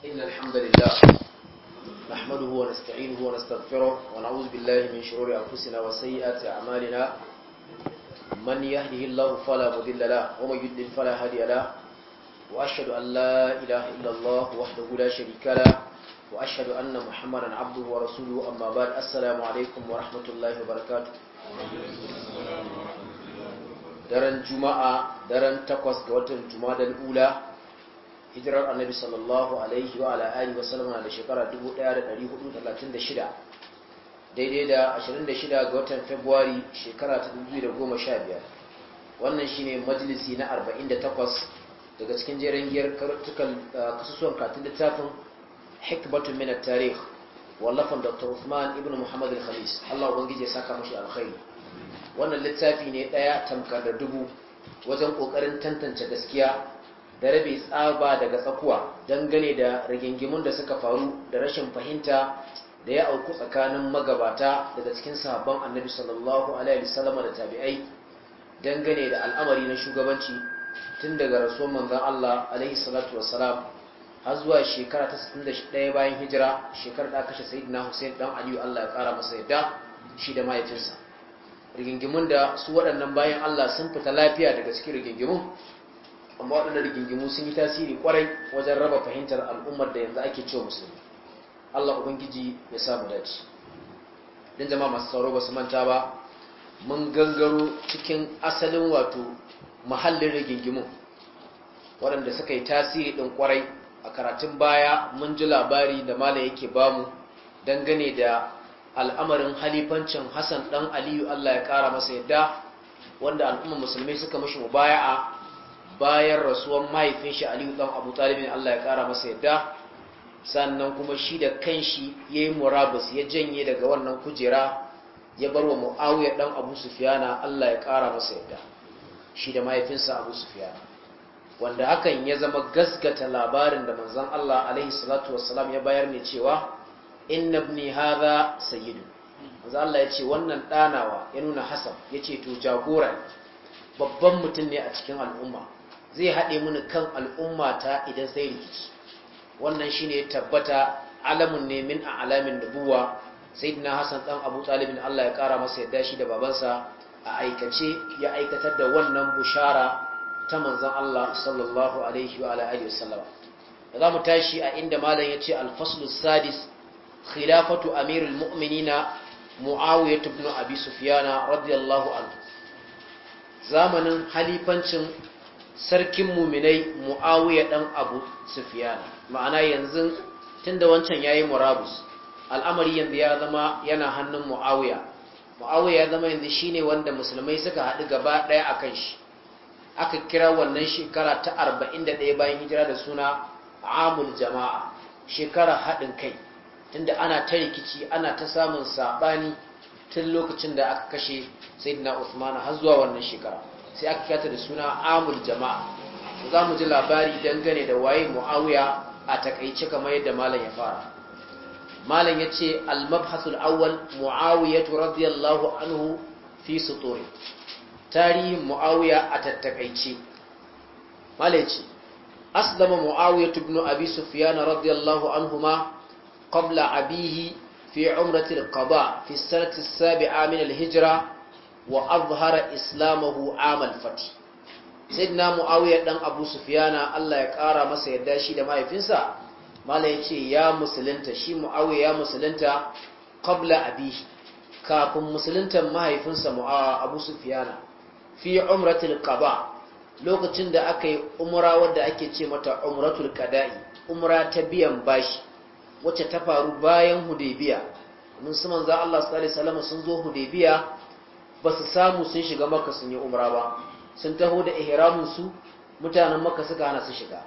إن الحمد لله نحمده ونستعينه ونستغفره ونعوذ بالله من شرور أنفسنا وسيئات أعمالنا من يهده الله فلا مضل له ومن يضلل فلا هادي له وأشهد أن لا إله إلا الله وحده لا شريك له وأشهد أن محمدا عبده ورسوله أما بعد السلام عليكم ورحمة الله وبركاته daren juma'a daren takwas ga watan juma'a da ula hijirar annabi sallallahu alaihi wa ala alihi wa salama da shekara 1436 daidai da 26 ga watan februari shekara ta 2015 wannan shine majalisi na 48 daga cikin jerin giyar karatukan uh, kasusuwan katin littafin hikbatun min at-tarikh wallafan Dr. usman ibn Muhammad al khalis Allah ubangiji ya saka mashi alkhairi wannan littafi ne daya tamkar da dubu wajen kokarin tantance gaskiya da rabe tsaba daga tsakuwa dangane da rigingimun da suka faru da rashin fahimta da ya auku tsakanin magabata daga cikin sabon annabi sallallahu alaihi wasallama da tabi'ai dangane da al'amari na shugabanci tun daga rasuwan manzon Allah alaihi salatu wassalam har zuwa shekara ta 61 bayan hijira shekarar da aka kashe sayyidina Hussein dan Aliyu Allah ya kara masa yadda shi da mahaifinsa rigingimun da su waɗannan bayan Allah sun fita lafiya daga cikin rigingimun amma waɗannan rigingimu sun yi tasiri kwarai wajen raba fahimtar al'ummar da yanzu ake cewa musulmi Allah ubangiji ya samu dace dan jama'a masu sauro ba su manta ba mun gangaro cikin asalin wato mahallin rigingimu waɗanda suka yi tasiri ɗin kwarai a karatun baya mun ji labari da malam yake bamu dangane da al'amarin halifancin hassan ɗan aliyu allah ya ƙara masa yadda wanda al'ummar musulmi suka mashi mubaya'a bayan rasuwan mahaifin shi aliyu dan abu talibin allah ya kara masa yadda sannan kuma shi da kanshi ya yi murabus ya janye daga wannan kujera ya bar wa mu'awiyar dan abu sufiyana allah ya kara masa yadda shi da mahaifinsa abu sufiyana wanda hakan ya zama gaskata labarin da manzan allah alaihi salatu wassalam ya bayar ne cewa inna ibni hadha sayyidu allah ya ce wannan ɗanawa ya nuna Hassan ya ce to jagora babban mutum ne a cikin al'umma zai haɗe mini kan al'ummata idan sai rikici wannan shine ya tabbata alamun ne min a alamin nubuwa sayyidina Hassan, ɗan abu talibin Allah ya kara masa yadda shi da babansa a aikace ya aikatar da wannan bushara ta manzon Allah sallallahu alaihi wa alihi wasallam za mu tashi a inda malam ya ce alfaslu sadis khilafatu amirul mu'minina muawiyah ibn abi sufyan radiyallahu anhu zamanin halifancin sarkin muminai mu'awiya dan abu sufiyana ma'ana yanzu tunda wancan yayi murabus al'amari yanzu ya zama yana hannun mu'awiya mu'awiya ya zama yanzu shine wanda musulmai suka haɗu gaba ɗaya a kan shi aka kira wannan shekara ta arba'in da ɗaya bayan hijira da suna amul jama'a shekara haɗin kai tunda ana ta rikici ana ta samun saɓani tun lokacin da aka kashe sayyidina Usman har zuwa wannan shekara sai aka kyata da suna amul jama'a za mu ji labari dangane da waye mu'awiya a takaice kamar yadda malam ya fara malam ya ce almabhasul awwal mu'awiyatu radiyallahu anhu fi sutori tarihin mu'awiya a tattakaice malam ya ce aslama mu'awiyatu ibn abi sufyan radiyallahu anhuma qabla abihi fi umratil qada fi sanati as-sabi'a min al-hijra wa azhara islamahu amal fati sayyidina muawiya dan abu sufyana Allah ya kara masa yadda shi da mahaifinsa malai yace ya musulunta shi muawiya ya musulunta qabla abihi kafin musuluntan mahaifinsa abu sufyana fi umratil qaba lokacin da aka yi umra wadda ake ce mata umratul qada'i umra ta biyan bashi wacce ta faru bayan hudaybiya mun suman za Allah sallallahu alaihi wasallam sun zo hudaybiya ba su samu sun shiga maka sun yi umra ba sun taho da su mutanen maka suka hana su shiga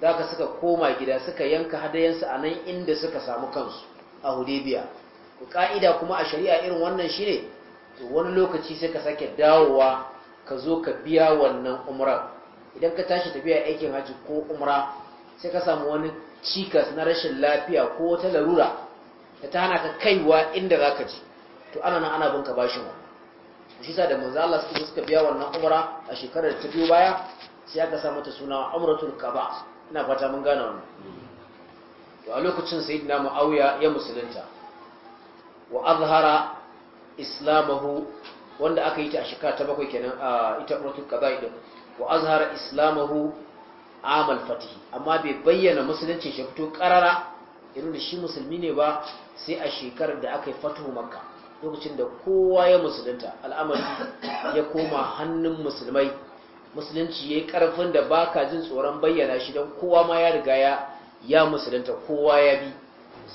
da ka suka koma gida suka yanka hadayensu a nan inda suka samu kansu a hudebiya ka'ida kuma a shari'a irin wannan shi ne wani lokaci sai ka sake dawowa ka zo ka biya wannan umra idan ka tashi tafiya aikin hajji ko umra sai ka samu wani cikas na rashin lafiya ko wata larura da ta hana ka kaiwa inda za ka ji to ana nan ana bin ka bashin wani shi sa da manzo Allah suka biya wannan umra a shekarar ta biyo baya sai aka sa mata suna umratul kaba. ina fata mun gane wannan to a lokacin sayyidina muawiya ya musulunta wa azhara islamahu wanda aka yi ta a shekara ta bakwai kenan a ita umratul kaba idan wa azhara islamahu amal fatih amma bai bayyana musulunci shi fito karara irin da shi musulmi ne ba sai a shekarar da aka yi Fatu makka lokacin da kowa ya musulunta al'amari ya koma hannun musulmai musulunci ya yi ƙarfin da ba ka jin tsoron bayyana shi don kowa ma ya riga ya musulunta kowa ya bi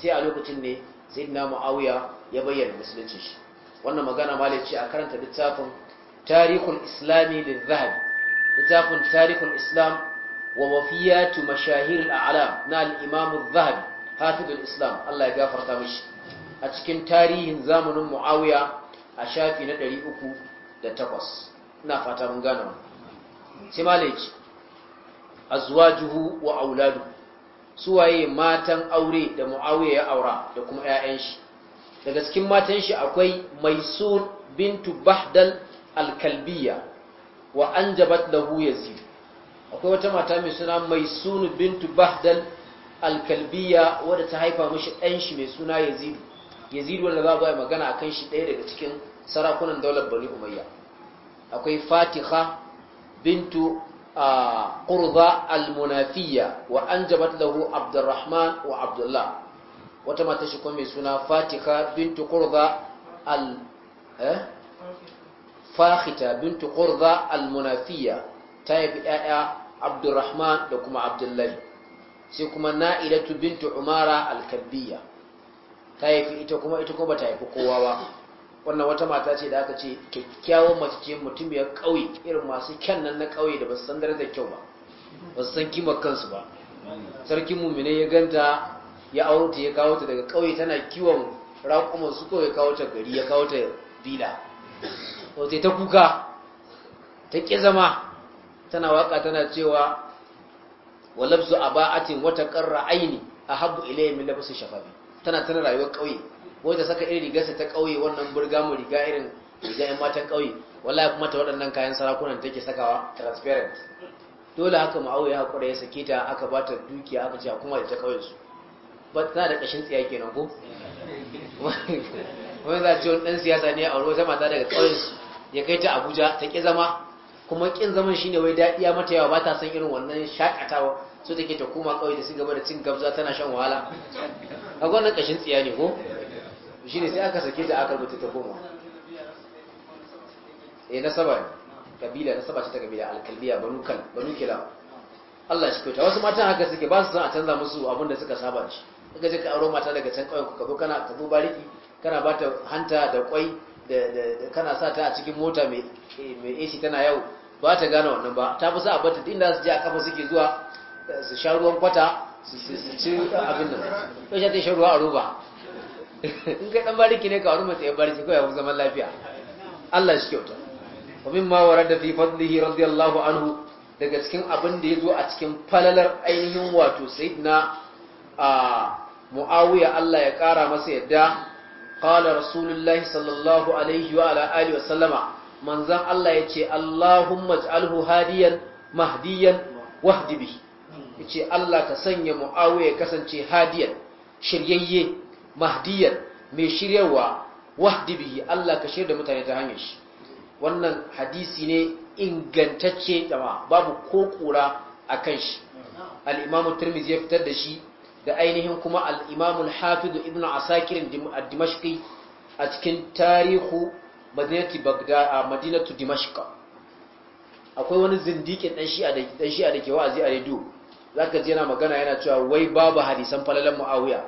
sai a lokacin ne sai na ma'auya ya bayyana musulunci shi wannan magana ma ce a karanta littafin tarihul islami da zahabi littafin tarihul islam wa mafiyatu mashahir al'alam na al'imamun zahabi hafidul islam allah ya gafarta mashi a cikin tarihin zamanin muawiya a shafi na 308 uku fata mun gane wannan sai malaiki azwajuhu wa auladu suwaye matan aure da muawiya ya aura da kuma ƴaƴan shi daga cikin matan shi akwai maisun bintu bahdal alkalbiya wa anjabat lahu yazid akwai wata mata mai suna maisun bintu bahdal alkalbiya wadda ta haifa mishi ɗan shi mai suna yazidu. yazid wanda za a magana a kan shi ɗaya daga cikin sarakunan daular bani umayya akwai fatiha bintu a ƙurza almunafiya wa an jabat lahu abdurrahman wa abdullah wata mata shi mai suna fatiha bintu ƙurza al eh? fahita bintu ƙurza almunafiya ta yafi ‘ya'ya abdurrahman da kuma abdullahi sai kuma na'ilatu bintu umara alkabbiya ta haifi ita kuma ita kuma ta haifi kowa ba wannan wata mata ce da aka ce kyakkyawan mace ce ya kauye irin masu kyan nan na kauye da ba su san darajar kyau ba ba su san kimar kansu ba sarkin mummina ya ganta ya auro ya kawo ta daga kauye tana kiwon raƙuman su ko ya kawo ta gari ya kawo ta bila wata ta kuka ta ƙi zama tana waka tana cewa walabsu aba'atin wata ƙarra aini a habu ilayya min shafafi tana tana rayuwar ƙauye ta saka irin rigarsa ta ƙauye wannan burga mu riga irin riga yan matan ƙauye wallahi kuma ta waɗannan kayan sarakunan take sakawa transparent dole haka ma'auya hakura ya sake ta aka ba ta dukiya aka ce kuma da ta ƙauyen su ba tana da ƙashin tsiya kenan ko wani za a ce wani ɗan siyasa ne a ruwa zama ta daga ƙauyen su ya kai ta abuja ta ƙi zama kuma ƙin zaman shine wai daɗiya mata yawa ba ta son irin wannan shakatawa Su take ta koma kawai da su gaba da cin gabza tana shan wahala a gwanan kashin tsiya ne ko shi ne sai aka sake ta aka rubuta ta koma eh nasaba ne kabila nasaba ce ta kabila alkalbiya banu banukila banu Allah shi kyauta wasu matan haka suke ba su san a canza musu abin da suka saba shi kaga je ka aro mata daga can kawai ku ka kana ka zo bariki kana ba ta hanta da kwai da kana sa ta a cikin mota mai eh, mai AC tana yau ba ta gane wannan ba ta fi sa a bata inda su je a kafa suke zuwa su sha ruwan kwata su ci abin da su, sha ta sha ruwa a roba in kai dan bariki ne ka wani ya bariki ya yawon zaman lafiya Allah shi kyauta min ma warar da fi fadlihi radiyallahu anhu daga cikin abin da ya zo a cikin falalar ainihin wato sayyidina a mu'awiya Allah ya kara masa yadda qala rasulullahi sallallahu alaihi wa ala alihi wa sallama manzon Allah yace Allahumma ij'alhu hadiyan mahdiyan wahdi bihi yace Allah ka sanya Muawiya kasance hadiyan shiryayye mahdiyan mai shiryarwa wahdi bihi Allah ka shirya da mutane ta hanyar shi wannan hadisi ne ingantacce jama'a babu ko kura akan shi al-Imam Tirmidhi ya fitar da shi da ainihin kuma al-Imam al-Hafiz Ibn Asakir dimashqi a cikin tarihu madinati Baghdad a madinatu Dimashq akwai wani zindikin dan shi'a da dan shi'a da ke wa'azi a radio zaka ji yana magana yana cewa wai babu hadisan falalan muawiya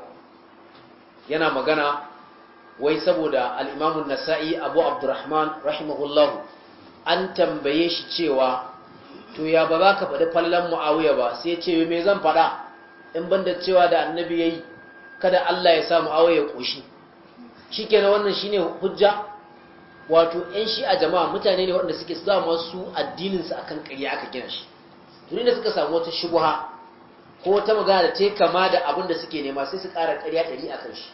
yana magana wai saboda al an-nasa'i abu abdurrahman rahimahullah an tambaye shi cewa to ya ba za ka faɗi falalan muawiya ba sai ya ce me zan faɗa in banda cewa da annabi yayi kada Allah ya sa muawiya ya koshi shikenan wannan shine hujja wato 'yan shi a jama'a mutane ne waɗanda suke zama su addininsu akan ƙarya aka gina shi tuni da suka samu wata shubuha ko ta magana da ta kama da abin da suke nema sai su ƙara ƙarya ɗari a kan shi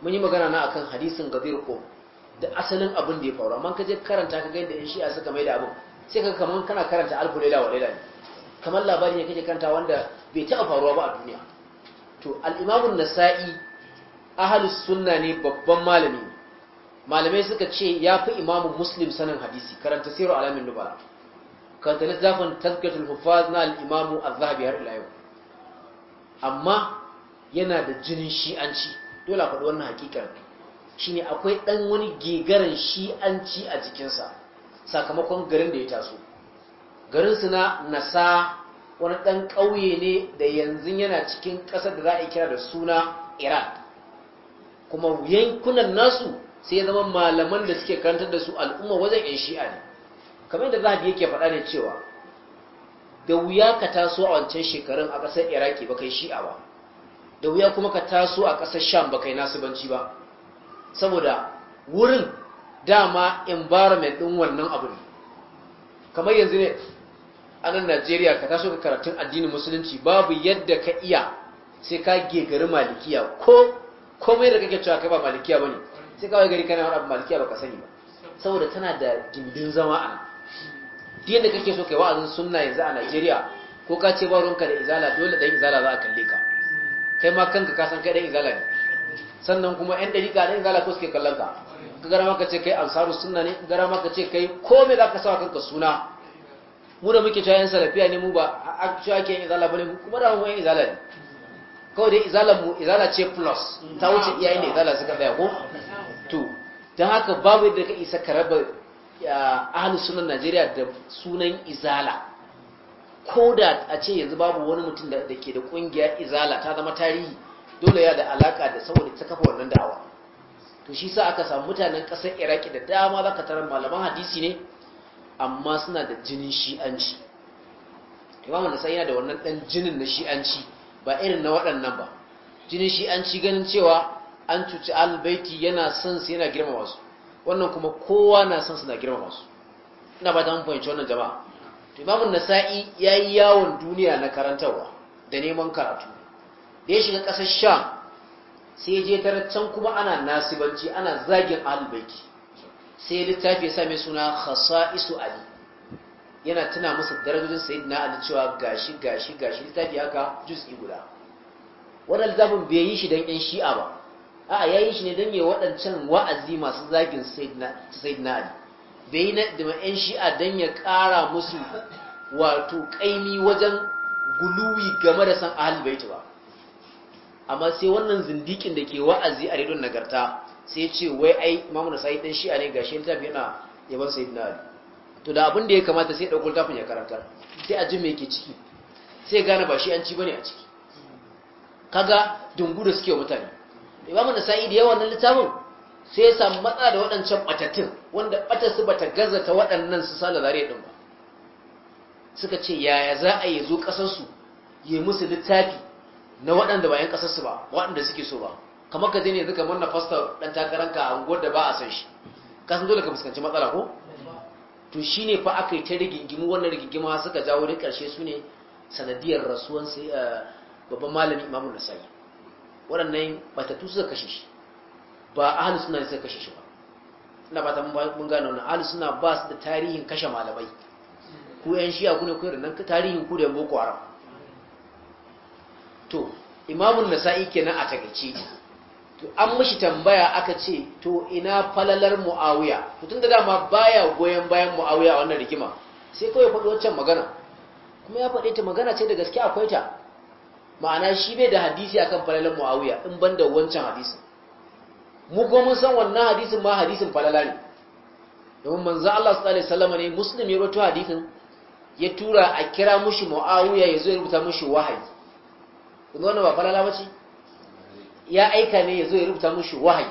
mun yi magana na akan hadisin gabir ko da asalin abin da ya faru amma ka je karanta ka ga da yan shi'a suka mai da abin sai ka kamar kana karanta alfu laila wa laila ne kamar labari ne kake karanta wanda bai taɓa faruwa ba a duniya to al nasa'i ahlus sunna ne babban malami malamai suka ce ya fi imamun muslim sanin hadisi karanta siru alamin nubala karanta zafin tazkatul hufaz na al a az-zahabi har ila yau amma yana da jinin shi'anci dole a faɗi wannan hakikar shine akwai ɗan wani gegaran shi'anci a jikinsa sakamakon garin da ya taso su na nasa wani ɗan ƙauye ne da yanzu yana cikin ƙasar da za a kira da suna iran kuma yankunan nasu sai zama malaman da suke karantar da su al'umma wajen yan shi'a ne kamar yadda zahabi yake faɗa ne cewa da wuya ka taso a wancan shekarun a ƙasar iraki ba kai shi'a ba da wuya kuma ka taso a ƙasar sham ba kai nasibanci ba saboda wurin dama environment ɗin wannan abu ne kamar yanzu ne a nan najeriya ka taso ka karatun addinin musulunci babu yadda ka iya sai ka gegari malikiya ko komai da kake cewa kai ba malikiya ba ne sai kawai gari kana abu malikiya ba ka sani ba saboda tana da dindin zama a nan duk da kake so kai wa'azin sunna yanzu a Najeriya ko ka ce ba ruwanka da izala dole dan izala za a kalle ka kai ma kanka ka san kai dan izala ne sannan kuma ɗari dariƙa dan izala ko suke kallon ka ka gara maka ce kai ansaru sunna ne gara maka ce kai kome za ka sawa kanka suna mu da muke cewa yan salafiya ne mu ba a cewa ke yin izala bane kuma da mu yan izala ne kawai dai izala mu izala ce plus ta wuce iyayen da izala suka tsaya ko to don haka babu yadda ka isa ka raba ahalus sunan najeriya da sunan izala ko da a ce yanzu babu wani mutum da ke da ƙungiyar izala ta zama tarihi dole ya da alaka da saboda ta kafa wannan dawa to shi sa aka samu mutanen ƙasar iraki da dama za ka tara malaman hadisi ne amma suna da jinin shi'anci imamu da yana da wannan ɗan jinin na shi'anci ba irin na waɗannan ba jinin shi'anci ganin cewa an cuci albaiti yana son yana girmama wasu wannan kuma kowa na son suna girmama su ina ba ta mun fahimci wannan jama'a To imamun nasa'i ya yi yawon duniya na karantarwa da neman karatu da ya shiga ƙasar sham sai ya je tarar kuma ana nasibanci ana zagin ahalbaiki sai littafi ya sa mai suna isu ali yana tuna musu darajojin na ali cewa gashi gashi gashi littafi haka juz'i guda wannan littafin bai yi shi don yan shi'a ba a'a yi shi ne don yi waɗancan wa'azi masu zagin na ali bai yi da yan shi'a don ya ƙara musu wato ƙaimi wajen guluwi game da san ahal baiti ba amma sai wannan zindikin da ke wa'azi a redon nagarta sai ce wai ai mamu na ɗan shi'a ne ta littafi yana yaban na ali to da abin da ya kamata sai ɗauko littafin ya karanta sai a ji mai ke ciki sai gane ba shi an ci bane a ciki kaga dungu da suke wa mutane imamu nasa'i da yawan nan littafin sai ya samu matsa da waɗancan ɓatattun, wanda su bata gazata waɗannan su sa zare din ba suka ce yaya za a yi zo ƙasarsu yi musu littafi na waɗanda bayan ƙasarsu ba waɗanda suke so ba kamar ka je ne zuka manna fasta ɗan takaranka a unguwar da ba a san shi ka san dole ka fuskanci matsala ko to shi ne fa aka yi ta rigingimu wannan rigingima suka jawo da ƙarshe su ne sanadiyar rasuwan eh, babban malami imamun nasa'i waɗannan matattu suka kashe shi ba ahalus suna ne suka kashe shi ba ina ba ta mun gano na ahalus suna ba su da tarihin kashe malamai ku yan shiya ku ne ku nan tarihin ku da boko haram to imamun nasa'i kenan a takaice to an mishi tambaya aka ce to ina falalar muawiya mutum da dama baya goyen bayan muawiya a wannan rigima sai kawai faɗi wancan magana kuma ya faɗe ta magana ce da gaske akwai ta ma'ana shi bai da hadisi akan falalan muawiya in ban da wancan hadisin mu kuma mun san wannan hadisin ma hadisin falala ne domin manzo Allah sallallahu alaihi wasallam ne muslim ya rawaito hadisin ya tura a kira mushi muawiya ya zo ya rubuta mushi wahayi Kun wannan ba falala bace ya aika ne ya zo ya rubuta mushi wahayi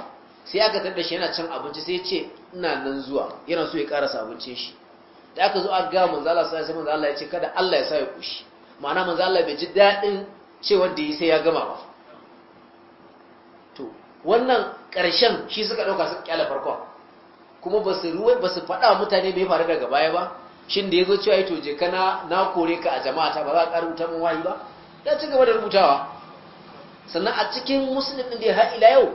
sai aka tada shi yana cin abinci sai ya ce ina nan zuwa yana so ya karasa abincin shi da aka zo aka ga manzo Allah sallallahu alaihi wasallam Allah ya ce kada Allah ya sa ya kushi ma'ana manzo Allah bai ji dadin ce wanda yi sai ya gama ba to wannan ƙarshen shi suka ɗauka suka kyala farkon kuma ba su ruwa ba su faɗa mutane bai faru daga baya ba shin da ya zo cewa to je kana na kore ka a jama'a ta ba za ka rubuta min wayi ba ya ci gaba da rubutawa sannan a cikin musulun ɗin da ya ila yau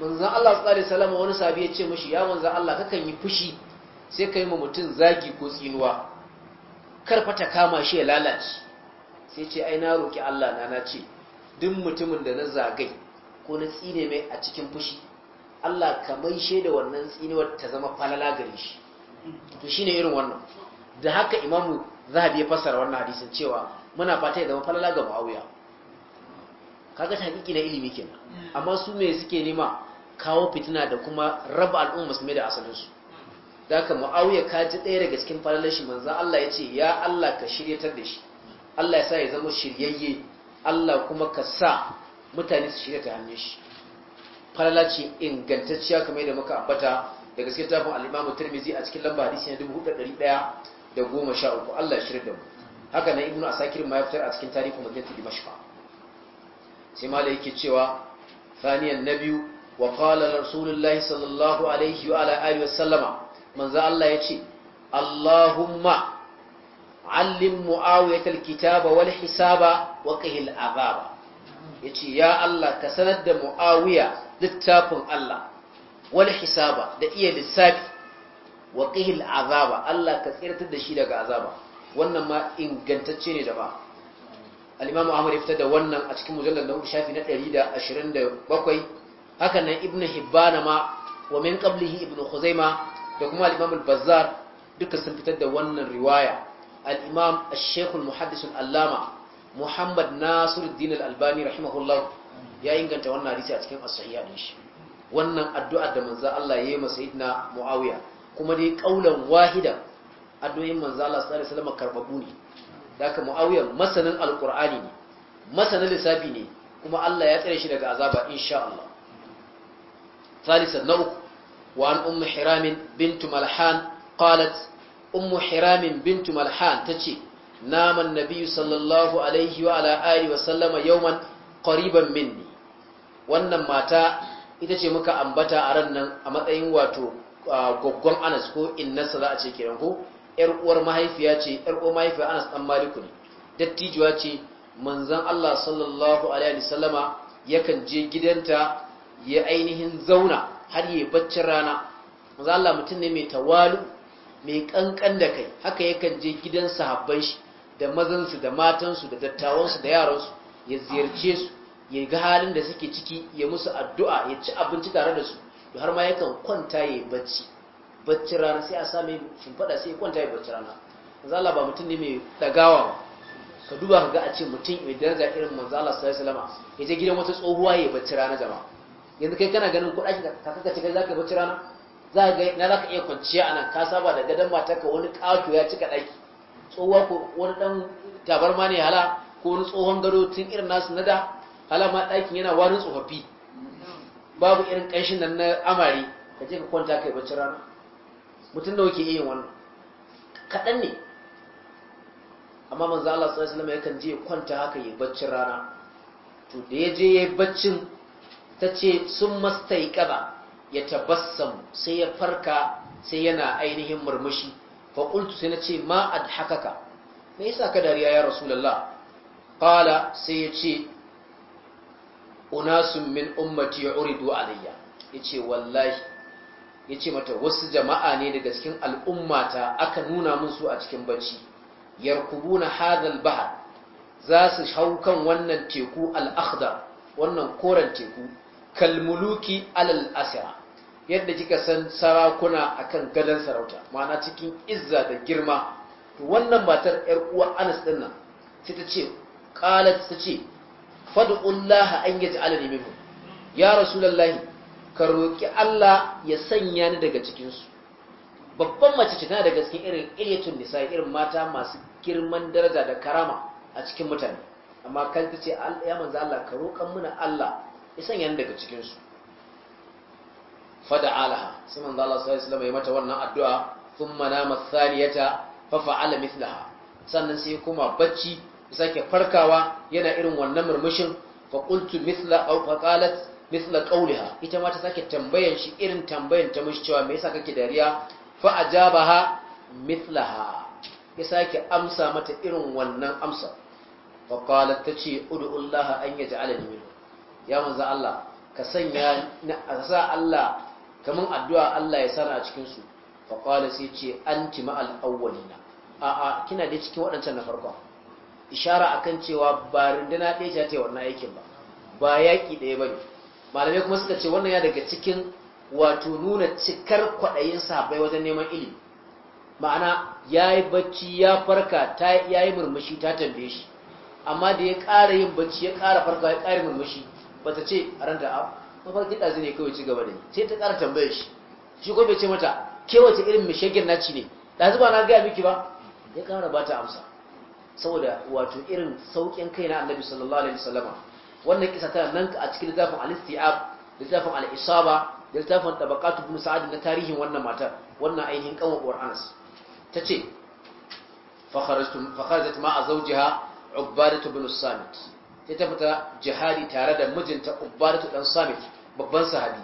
manzan Allah su tsari salama wani sabi ya ce mashi ya manzan Allah kakan yi fushi sai ka yi ma mutum zagi ko tsinuwa ta kama shi ya lalace sai ce ai na roki Allah na na ce duk mutumin da na zagai ko na tsine mai a cikin fushi Allah ka maishe da wannan tsinuwar ta zama falala gare shi to shine irin wannan da haka imamu zahabi ya fassara wannan hadisin cewa muna fata ya zama falala ga muawiya kaga hakiki na ilimi kenan amma su me suke nema kawo fitina da kuma raba al'umma musulmi da asalinsu da haka mu'awiya ka ji ɗaya daga cikin falalar shi manzan Allah ya ce ya Allah ka shiryatar da shi Allah ya sa ya zama shiryayye Allah kuma ka sa mutane su shirya ta hannun shi falala ce ingantacciya kamar yadda muka ambata da gaske tafin al-Imam Tirmidhi a cikin lamba hadisi na dubu da goma 4113 Allah ya shirya da mu haka nan Ibnu Asakir ma ya fitar a cikin tarihi Madinatu Dimashq sai malai yake cewa faniyan nabiyu wa qala rasulullahi sallallahu alaihi wa ala alihi wa sallama manzo Allah ya ce, Allahumma allim mu'awiyatal kitaba wal hisaba wa qihil azaba yace ya Allah ka sanar da mu'awiya littafin Allah wal hisaba da iya lissafi wa qihil azaba Allah ka tsirtar da shi daga azaba wannan ma ingantacce ne da ba al-imamu Ahmad ya fitar da wannan a cikin mujallal na shafi na 127 haka nan ibnu hibbana ma wa min qablihi ibnu khuzaima da kuma al-imamu al-bazzar duka sun fitar da wannan riwaya al-imam al allama muhammad nasiruddin al-albani rahimahullah ya inganta wannan hadisi a cikin as din shi wannan addu'a da manza Allah yi masa na muawiya kuma dai kaulan wahida addu'o'in manza Allah sallallahu alaihi wasallam karbabu ne daga muawiya masanin al ne masanin lissafi ne kuma Allah ya tsare shi daga azaba insha Allah ثالثا نوك وعن أم حرام بنت ملحان قالت ummu hiramin bintu malhan ta ce naman nabiyu sallallahu alaihi wa ala'ari wa sallama yauman ƙariban minni wannan mata ita ce muka ambata a ran nan a matsayin wato goggon anas ko innarsa za a ce kiran ko ‘yar uwar mahaifiya ce ‘yar uwar mahaifiya anas ɗan maliku ne dattijuwa ce manzan allah sallallahu alaihi wa sallama yakan je gidanta ya ainihin zauna har yi baccin rana manzan allah mutum ne mai tawalu mai kankan da kai haka yakan je gidan sahabban shi da mazansu da matansu da dattawansu da yaransu ya ziyarce su ya ga halin da suke ciki ya musu addu'a ya ci abinci tare da su da har ma yakan kwanta ya bacci bacci rana sai a same shimfiɗa sai ya kwanta ya bacci rana Allah ba mutum ne mai dagawa ka duba ka ga a ce mutum mai daraja irin sallallahu alaihi ya je gidan wata tsohuwa ya bacci rana jama'a yanzu kai kana ganin kuɗa ka kaka ci kai za ka bacci rana za ga na za ka iya kwanciya a nan ka saba da gadon matarka wani ƙato ya cika ɗaki tsohuwa ko wani ɗan tabarma ne hala ko wani tsohon gado tun irin nasu na da hala ma ɗakin yana warin tsofaffi babu irin ƙanshin nan na amare ka je ka kwanta kai bacci rana mutum da ke yin wannan kaɗan ne amma manzo Allah sallallahu alaihi wasallam yakan je kwanta haka ya bacci rana to da ya je ya baccin ta ce sun mastai ƙaba ya tabassam sai ya farka sai yana ainihin murmushi fa qultu sai nace ma adhakaka me yasa ka dariya ya rasulullah qala sai yace unasun min ummati yuridu alayya yace wallahi yace mata wasu jama'a ne daga cikin al'ummata aka nuna min su a cikin bacci yarkubuna hadha al bahar, za su hau kan wannan teku al-akhdar wannan koren teku kalmuluki alal asira yadda kika san sarakuna akan gadon sarauta ma'ana cikin izza da girma to wannan matar yar uwa Anas din nan sai ta ce qalat ta ce fad'ullaha an li minhu ya rasulullahi ka roki Allah ya sanya ni daga cikin su babban mace ce tana daga cikin irin ilyatun nisa irin mata masu girman daraja da karama a cikin mutane amma kan ta ce ya manzo Allah ka roƙan muna Allah ya sanya ni daga cikin su fada'alaha sai manzo Allah sallallahu alaihi ya mata wannan addu'a thumma nama thaniyata fa fa'ala mithlaha sannan sai kuma bacci sake farkawa yana irin wannan murmushin fa qultu mithla aw fa qalat mithla qawliha ita ma ta sake tambayan shi irin tambayan ta mushi cewa me yasa kake dariya fa ajabaha mithlaha ya sake amsa mata irin wannan amsa fa qalat tace ud'u Allah an yaj'alani minhu ya manzo Allah ka sanya na sa Allah kamar addu'a Allah ya sana a cikinsu faƙwada sai ce an tima al'awwalina a a kina da cikin waɗancan na farko ishara akan cewa ba rinduna ɗaya ce ta yi wannan aikin ba ba yaki ɗaya ba ne malamai kuma suka ce wannan ya daga cikin wato nuna cikar kwaɗayin sahabbai wajen neman ilimi ma'ana ya yi bacci ya farka ya yi murmushi ta tambaye shi amma da ya ƙara yin bacci ya ƙara farka ya ƙara murmushi ba ta ce a ranta mafarkin ɗazu ne kawai ci gaba da yi sai ta ƙara tambayar shi shi ko bai ce mata ke wace irin na naci ne ɗazu ba na gaya miki ba ya ƙara ba ta amsa saboda wato irin sauƙin kai na annabi sallallahu alaihi wasallama wannan kisa tana nan a cikin littafin al-istiab littafin al-isaba da littafin tabaqatu bin sa'ad na tarihin wannan matar wannan ainihin kanwa qur'ans tace fa kharajtum fa kharajat ma'a zawjiha ubadatu bin samit ta tafita jihadi tare da mijinta ubadatu dan samit babban sahabi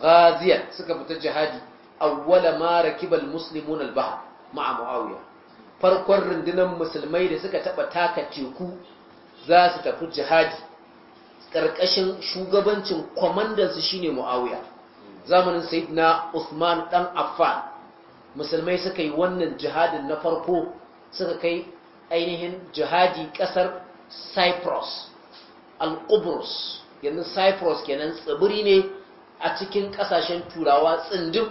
ghaziyan suka fita jihadi awwala ma rakibal muslimun albaha ma'a muawiya farkon rundunar musulmai da suka taba taka teku za su tafi jihadi karkashin shugabancin kwamandan su shine muawiya zamanin sayyidina Usman dan Affan musulmai suka yi wannan jihadin na farko suka kai ainihin jihadi kasar Cyprus al-Qubrus yanzu cyprus kenan tsibiri ne a cikin kasashen turawa tsindin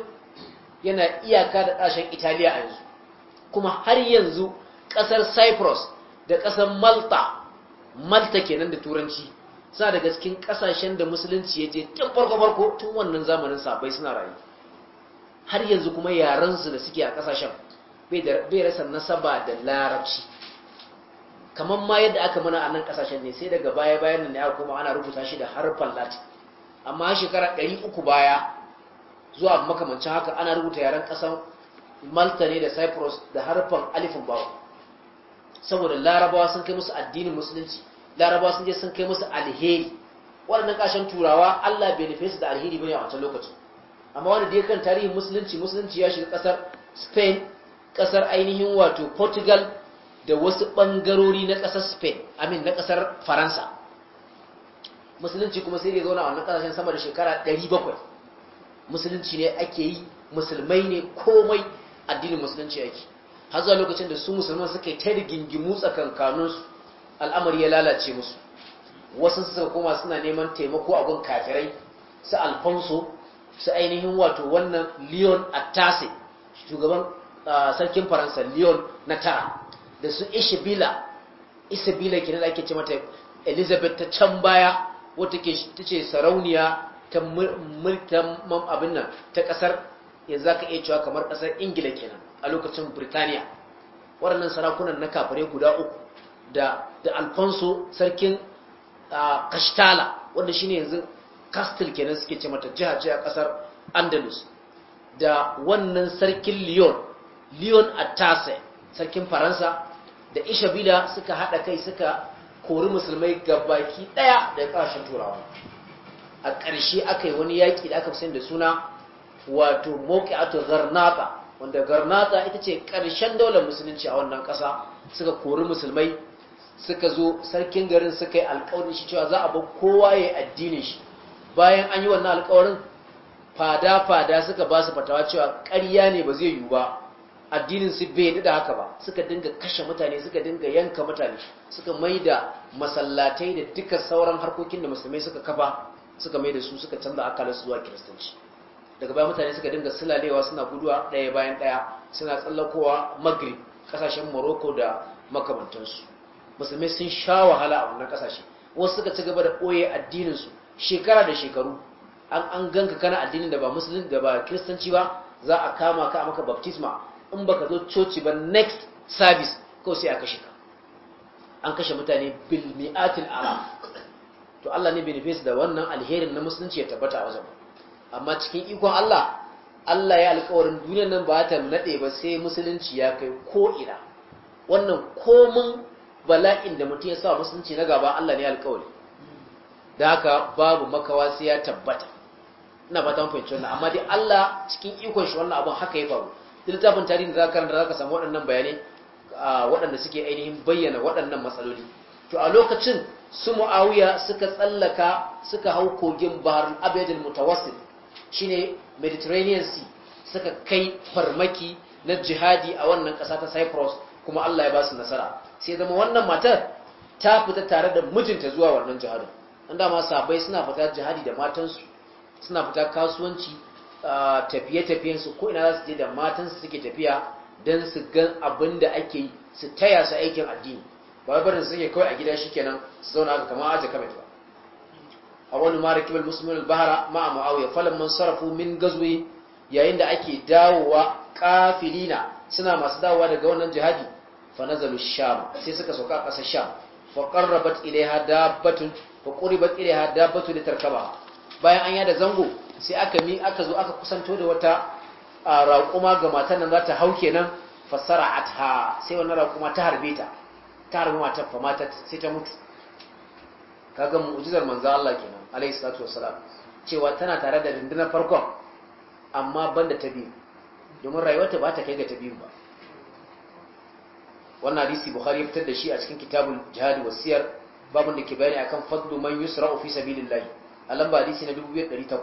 yana iyaka da kasashen italiya a yanzu kuma har yanzu kasar cyprus da kasar malta malta kenan da turanci suna daga cikin kasashen da musulunci ya je tun farko-farko tun wannan zamanin sabai suna rayu har yanzu kuma yarensu da suke a kasashen bai rasa nasaba da larabci kamar ma yadda aka mana a nan kasashen ne sai daga baya bayan nan ne aka kuma ana rubuta shi da harfan latin amma shekara 300 baya zuwa makamancin haka ana rubuta yaren kasan malta ne da cyprus da harfan alifin bawa saboda larabawa sun kai musu addinin musulunci larabawa sun je sun kai musu alheri waɗannan kashin turawa allah bai nufe su da alheri bane a wancan lokacin amma wanda da ya kan tarihin musulunci musulunci ya shiga ƙasar spain kasar ainihin wato portugal da wasu ɓangarori na ƙasar spain amin na ƙasar faransa musulunci kuma sai ya zauna a wannan ƙasashen sama da shekara 700 musulunci ne ake yi musulmai ne komai addinin musulunci yake har zuwa lokacin da su musulman suka yi ta rigingimu su al'amari ya lalace musu wasu suka koma suna neman taimako a gun kafirai su alfonso su ainihin wato wannan leon atase shugaban ah, sarkin faransa leon na tara da su ishibila isabila kenan ake ce mata elizabeth ta can baya wata ke ce sarauniya ta mulkan abin nan ta kasar yanzu ka iya cewa kamar kasar ingila kenan a lokacin birtaniya waɗannan sarakunan na kafare guda uku da da alfonso sarkin kashtala wanda ne yanzu castle kenan suke ce mata jiha ce a kasar andalus da wannan sarkin lyon lyon tasse sarkin faransa da isha ishabila suka haɗa kai suka kori musulmai ga baki ɗaya da ƙasashen turawa a ƙarshe aka yi wani yaƙi da aka fi da suna wato moƙi'atu garnata wanda garnata ita ce ƙarshen daular musulunci a wannan ƙasa suka kori musulmai suka zo sarkin garin suka yi alƙawarin shi cewa za a bar kowa ya yi addinin shi bayan an yi wannan alƙawarin fada-fada suka ba su fatawa cewa ƙarya ne ba zai yiwu ba addinin su bai da haka ba suka dinga kashe mutane suka dinga yanka mutane suka da masallatai da duka sauran harkokin da musulmai suka kafa suka maida su suka canza akalarsu zuwa kiristanci daga baya mutane suka dinga sulalewa suna guduwa ɗaya bayan ɗaya suna tsallakowa magrib kasashen morocco da makamantansu musulmai sun sha wahala a wannan kasashe wasu suka ci gaba da ɓoye addininsu shekara da shekaru an an ganka kana addinin da ba Musulmi da ba kiristanci ba za a kama ka a maka baptisma in ka zo coci ba next service ko sai a kashe ka an kashe mutane bil mi'atil to Allah ne benefits da wannan alherin na musulunci ya tabbata a wajen amma cikin ikon Allah Allah ya alƙawarin duniyar nan ba ta nade ba sai musulunci ya kai ko ina wannan komun bala'in da mutum ya sa musulunci na gaba Allah ne alƙawari da haka babu makawa sai ya tabbata ina mun fahimci wannan amma dai Allah cikin ikon shi wannan abin haka ya faru littafin tarihi da za ka karanta za ka samu waɗannan bayanai waɗanda suke ainihin bayyana waɗannan matsaloli to a lokacin su mu'awiya suka tsallaka suka hau kogin Bahar baharul abedul mutawassit shine mediterranean sea suka kai farmaki na jihadi a wannan ƙasa ta cyprus kuma allah ya ba su nasara sai zama wannan matar ta fita tare da mijinta zuwa wannan jihadin an ma sabai suna fita jihadi da matansu suna fita kasuwanci tafiye-tafiyen su ko ina za su je da matan suke tafiya don su gan abin ake yi su taya su aikin addini ba barin barin suke kawai a gida shikenan su zauna haka kamar aje kamar ta a wani marikibal musulmin bahra ma'a ma'auya falon man sarrafu min gazwe yayin da ake dawowa kafilina suna masu dawowa daga wannan jihadi fa nazalu sham sai suka sauka a ƙasar sham fa qarrabat ilaiha dabbatun fa ilaiha dabbatun litarkaba bayan an yada zango sai aka mi aka zo aka kusanto da wata raƙuma ga matan nan za ta hau kenan fassara atha sai wannan raƙuma ta harbe ta ta harbe matan fa mata sai ta mutu kaga mu'jizar manzo Allah kenan alayhi salatu wassalam cewa tana tare da rundunar farkon amma banda ta biyu domin rayuwarta ba ta kai ga ta biyu ba wannan hadisi bukhari ya fitar da shi a cikin kitabul jihad wasiyar babu da ke bayani akan fadlu man yusra fi sabilillah a lamba hadisi na 2800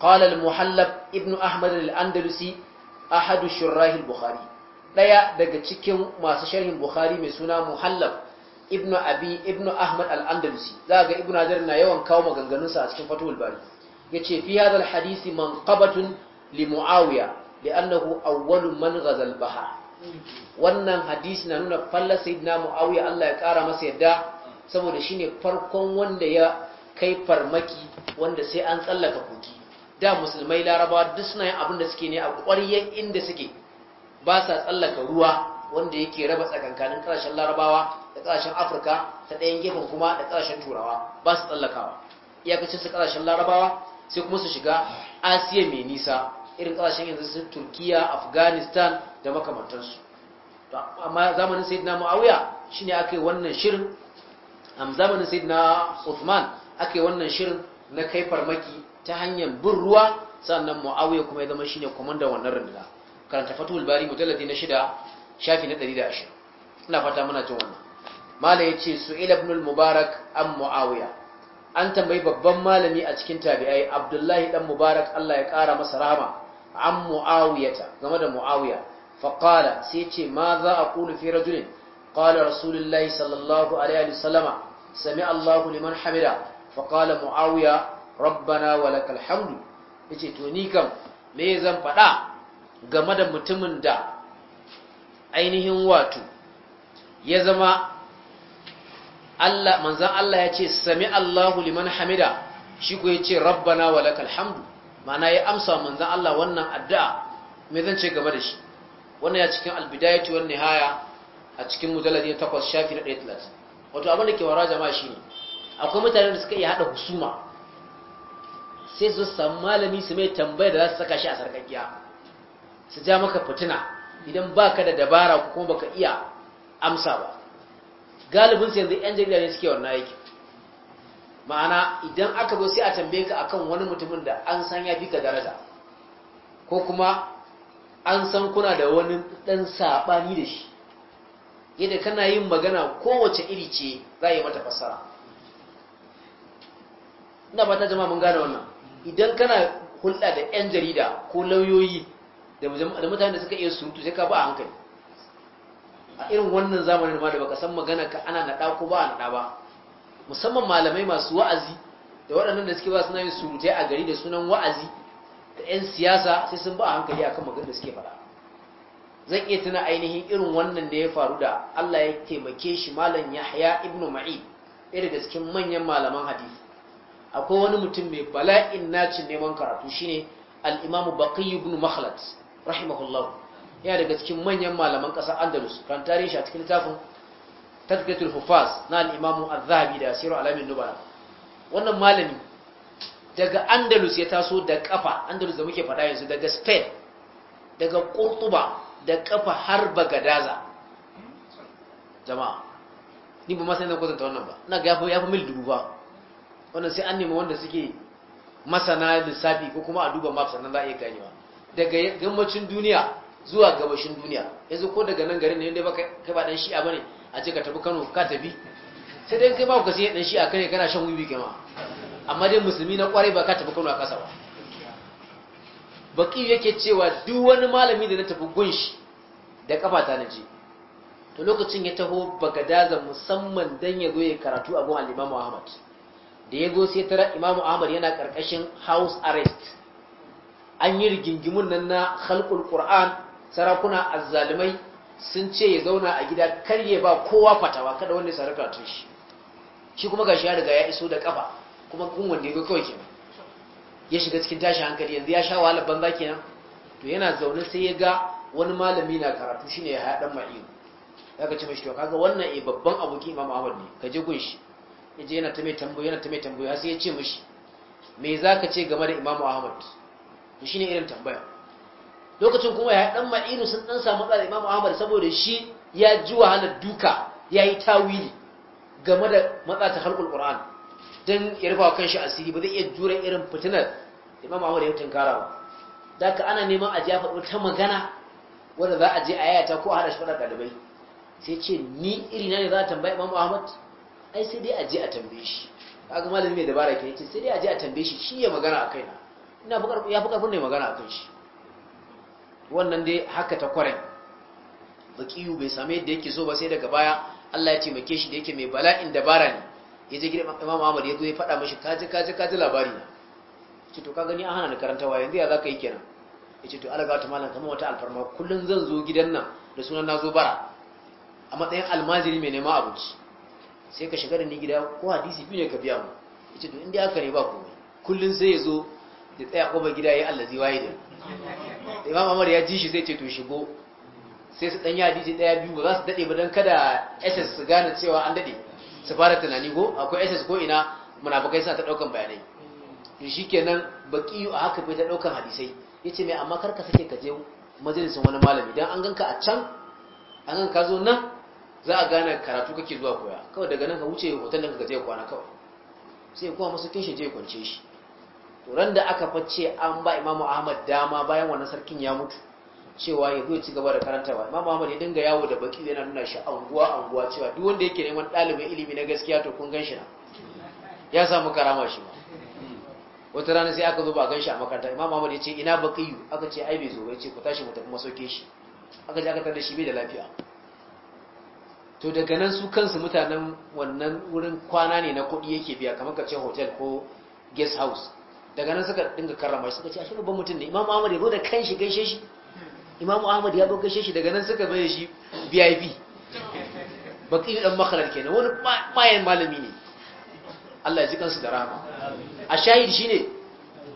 qala al-muhallab ibn ahmad al-andalusi ahadu shurrah al-bukhari daya daga cikin masu sharhin bukhari mai suna muhallab ibn abi ibn ahmad al-andalusi daga ga ibn hajar na yawan kawo sa a cikin fatul bari yace fi hadha al-hadisi manqabatun li muawiya annahu awwalu man ghaza al-bahar wannan hadisi na nuna fallar sayyidina muawiya Allah ya kara masa yadda saboda shine farkon wanda ya kai farmaki wanda sai an tsallaka kogi da musulmai larabawa duk suna yin abin da suke ne a ƙwariyar inda suke ba sa tsallaka ruwa wanda yake raba tsakankanin ƙarshen larabawa da ƙarshen afirka ta ɗayan gefen kuma da ƙarshen turawa ba su tsallakawa iyakacin su ƙarshen larabawa sai kuma su shiga asiya mai nisa irin ƙarshen yanzu su turkiya afghanistan da makamantansu amma zamanin sayyidina muawiya shine aka yi wannan shirin a zamanin sayyidina uthman aka yi wannan shirin na kai farmaki ta hanyar bin ruwa sannan muawiya kuma ya zama shine komandan wannan runduna karanta fatul bari mujalladi na shida shafi na 120 ina fata muna jin wannan mala yace su'ila ibn al-mubarak an muawiya an tambayi babban malami a cikin tabi'ai abdullahi dan mubarak Allah ya kara masa rahama an muawiyata game da muawiya faqala sai yace ma za a kulu fi rajulin qala rasulullahi sallallahu alaihi wasallama sami Allah liman hamida faƙala mu'awiya rabbana walakal hamdu ya ce to ni kam me zan faɗa game da mutumin da ainihin wato ya zama Allah manzan Allah ya ce sami Allahu liman hamida shi ko ya ce rabbana walakal hamdu mana ya amsa manzan Allah wannan addu'a me zan ce game da shi wannan ya cikin albidayatu wan nihaya a cikin mujalladi 8 shafi na 130 wato abin da ke wara jama'a shine akwai mutane da suka iya haɗa husuma sai su samu malami su mai tambaya da za su saka shi a sarkakiya su ja maka fitina idan baka da dabara ko baka iya amsa ba galibin sai yanzu yan jarida ne suke wannan aiki ma'ana idan aka zo sai a tambaye ka akan wani mutumin da an san ya fi ka daraja ko kuma an san kuna da wani ɗan saɓani da shi yadda kana yin magana kowace iri ce za a yi mata fassara ina ba ta jama mun gane wannan idan kana hulɗa da 'yan jarida ko lauyoyi da mutane da suka iya surutu sai ka ba a hankali a irin wannan zamanin ma da baka san magana ka ana naɗa ko ba a naɗa ba musamman malamai masu wa'azi da waɗannan da suke ba suna yin surutai a gari da sunan wa'azi da 'yan siyasa sai sun ba a hankali akan magana da suke faɗa zan iya tuna ainihin irin wannan da ya faru da Allah ya taimake shi malam Yahya ibnu Ma'in ɗaya daga cikin manyan malaman hadisi akwai wani mutum mai bala'in nacin neman karatu shine al'imamu imamu baqi ibn makhlad rahimahullahu yana daga cikin manyan malaman ƙasar andalus kan tarihi shi a cikin littafin tadqiqatul hufaz na al-imamu zahabi da siru alamin nubala wannan malami daga andalus ya taso da kafa andalus da muke faɗa yanzu daga spain daga qurtuba da kafa har bagadaza jama'a ni ba ma sai kwatanta wannan ba ina ga yafi yafi mil dubu ba wannan sai an nemi wanda suke masana lissafi ko kuma a duba maps nan za a iya ganewa daga gammacin duniya zuwa gabashin duniya yanzu ko daga nan garin ne inda baka kai ba dan shi'a bane a ce ka tafi Kano ka tafi sai dai kai ba ka sai dan shi'a kane kana shan kai kama amma dai musulmi na kware ba ka tafi Kano a kasa ba baki yake cewa duk wani malami da na tafi gunshi da kafa ta naje to lokacin ya taho bagadazan musamman dan ya zo ya karatu a gun al-Imam Muhammad da ya zo sai tara imamu ahmad yana karkashin house arrest an yi rigingimun nan na khalqul qur'an sarakuna azzalumai sun ce ya zauna a gida kar karye ba kowa fatawa kada wanda ya sarka tun shi shi kuma gashi ya riga ya iso da kafa kuma kun wanda ya kawai kenan ya shiga cikin tashi hankali yanzu ya sha wahala banza kenan to yana zaune sai ya ga wani malami na karatu shine ya haɗan ma'iyu zaka ci mashi to kaga wannan eh babban abokin imam ahmad ne ka je gunshi ya je yana ta mai tambayo yana ta mai tambayo har sai ya ce mishi me za ka ce game da Imam ahmad to shine irin tambaya lokacin kuma ya dan ma'inu sun dan samu matsala Imam ahmad saboda shi ya ji wahalar duka ya yi tawili game da matsata halqul qur'an dan ya rufa kan shi asiri ba zai iya jure irin fitinar Imam ahmad ya tunkara ba da ka ana neman a jafa ta magana wanda za a je a yayata ko a hada shi fada dalibai sai ce ni irina ne za a tambaya Imam ahmad ai sai dai a je a tambaye shi kaga malami mai dabara ke yace sai dai a je a tambaye shi shi ya magana a kaina ina fuka ya fi karfin ne magana a kan shi wannan dai haka ta kware bakiyu bai same yadda yake so ba sai daga baya Allah ya taimake shi da yake mai bala'in dabara ne ya je gidan Imam Ahmad ya zo ya faɗa mashi kaji kaji kaji labari na ce to ka gani an hana ni karantawa yanzu ya zaka yi kenan ya ce to ga ta malam kamar wata alfarma kullun zan zo gidan nan da sunan nazo bara a matsayin almajiri mai neman abinci sai ka shiga da ni gida ko hadisi biyu ne ka biya mu yace to inda aka ne ba komai kullun sai ya zo da tsaya koba gida ya zai waye da imam Umar ya ji shi sai ce to shigo sai su dan yi hadisi daya biyu ba za su dade ba dan kada ss su gane cewa an dade su fara tunani ko akwai ss ko ina munafikai suna ta daukan bayanai to shikenan baki a haka bai ta daukan hadisai yace mai amma karka sake ka je majalisin wani malami dan an ganka a can an ganka zo nan za a gane karatu kake zuwa koya kawai daga nan ka wuce hoton da ka je kwana kawai sai kuma masa kin shi je kwance shi to ran da aka fice an ba Imam Ahmad dama bayan wannan sarkin ya mutu cewa ya zo ci gaba da karantawa Imam Ahmad ya dinga yawo da baki yana nuna shi anguwa anguwa cewa duk wanda yake neman dalibin ilimi na gaskiya to kun ganshi na ya samu karama shi ma wata rana sai aka zo ba ganshi a makaranta Imam Ahmad ya ce ina baqiyu aka ce ai bai zo ba ya ce ku tashi mu tafi masoke shi aka ji aka tada shi bai da lafiya to daga nan su kansu mutanen wannan wurin kwana ne na kuɗi yake biya kamar ka ce hotel ko guest house daga nan suka dinga karrama shi suka ce ashe babban mutum ne imamu ahmad ya zo da kanshi gaishe shi imamu ahmad ya zo gaishe shi daga nan suka bayar shi vip baki dan makhalar kenan wani mayan malami ne Allah ya ji kansu da rahama a shahid shine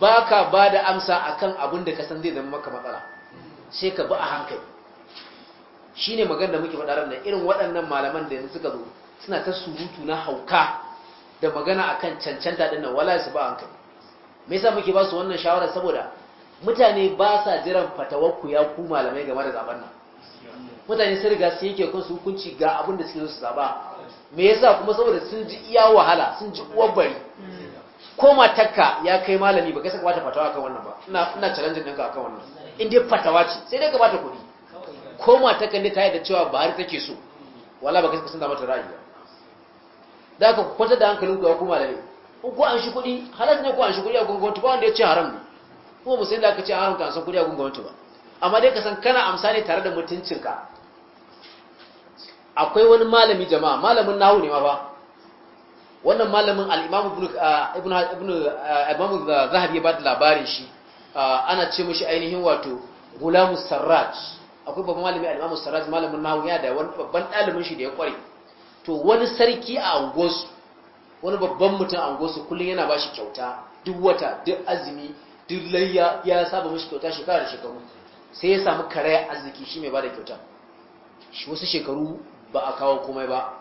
baka ba da amsa akan abin da ka san zai zama maka matsala sai ka bi a hankali Shi ne magana da muke faɗa ran nan irin waɗannan malaman da yanzu suka zo suna ta surutu na hauka da magana a kan cancanta ɗin na, wala su ba hankali me yasa muke ba su wannan shawara saboda mutane ba sa jiran fatawakku ya ku malamai game da zaben nan mutane sun riga su yake kun hukunci ga abin da suke su zaba me yasa kuma saboda sun ji iya wahala sun ji uwar bari ko matakka ya kai malami ba kai saka bata fatawa akan wannan ba ina ina challenge ɗinka akan wannan in dai fatawa ce sai dai ka bata kuɗi koma ta kalli ta yi da cewa Buhari take so wala baka san da mata ra'ayi ba da ka kwata da hankalin ku ya kuma lalle ko an shi kudi halas ne ko an shi kudi a gwamnati ba wanda ya ce haram ne kuma musulmi da aka ce haram ka san kudi a gwamnati ba amma dai ka san kana amsa ne tare da mutuncinka akwai wani malami jama'a malamin nahu ne ma ba wannan malamin al-imam ibn ah, ibn ah, imam zahabi ya bada labarin shi ah, ana ce mishi ainihin wato gulamu sarraj akwai babban malami al'amu imam malamin nahu ya da wani babban ɗalibin shi da ya kware to wani sarki a angosu wani babban mutum a angosu kullum yana ba shi kyauta duk wata duk azumi duk layya ya saba mashi kyauta shekara da shekaru sai ya samu karaya arziki shi mai ba da kyauta shi wasu shekaru ba a kawo komai ba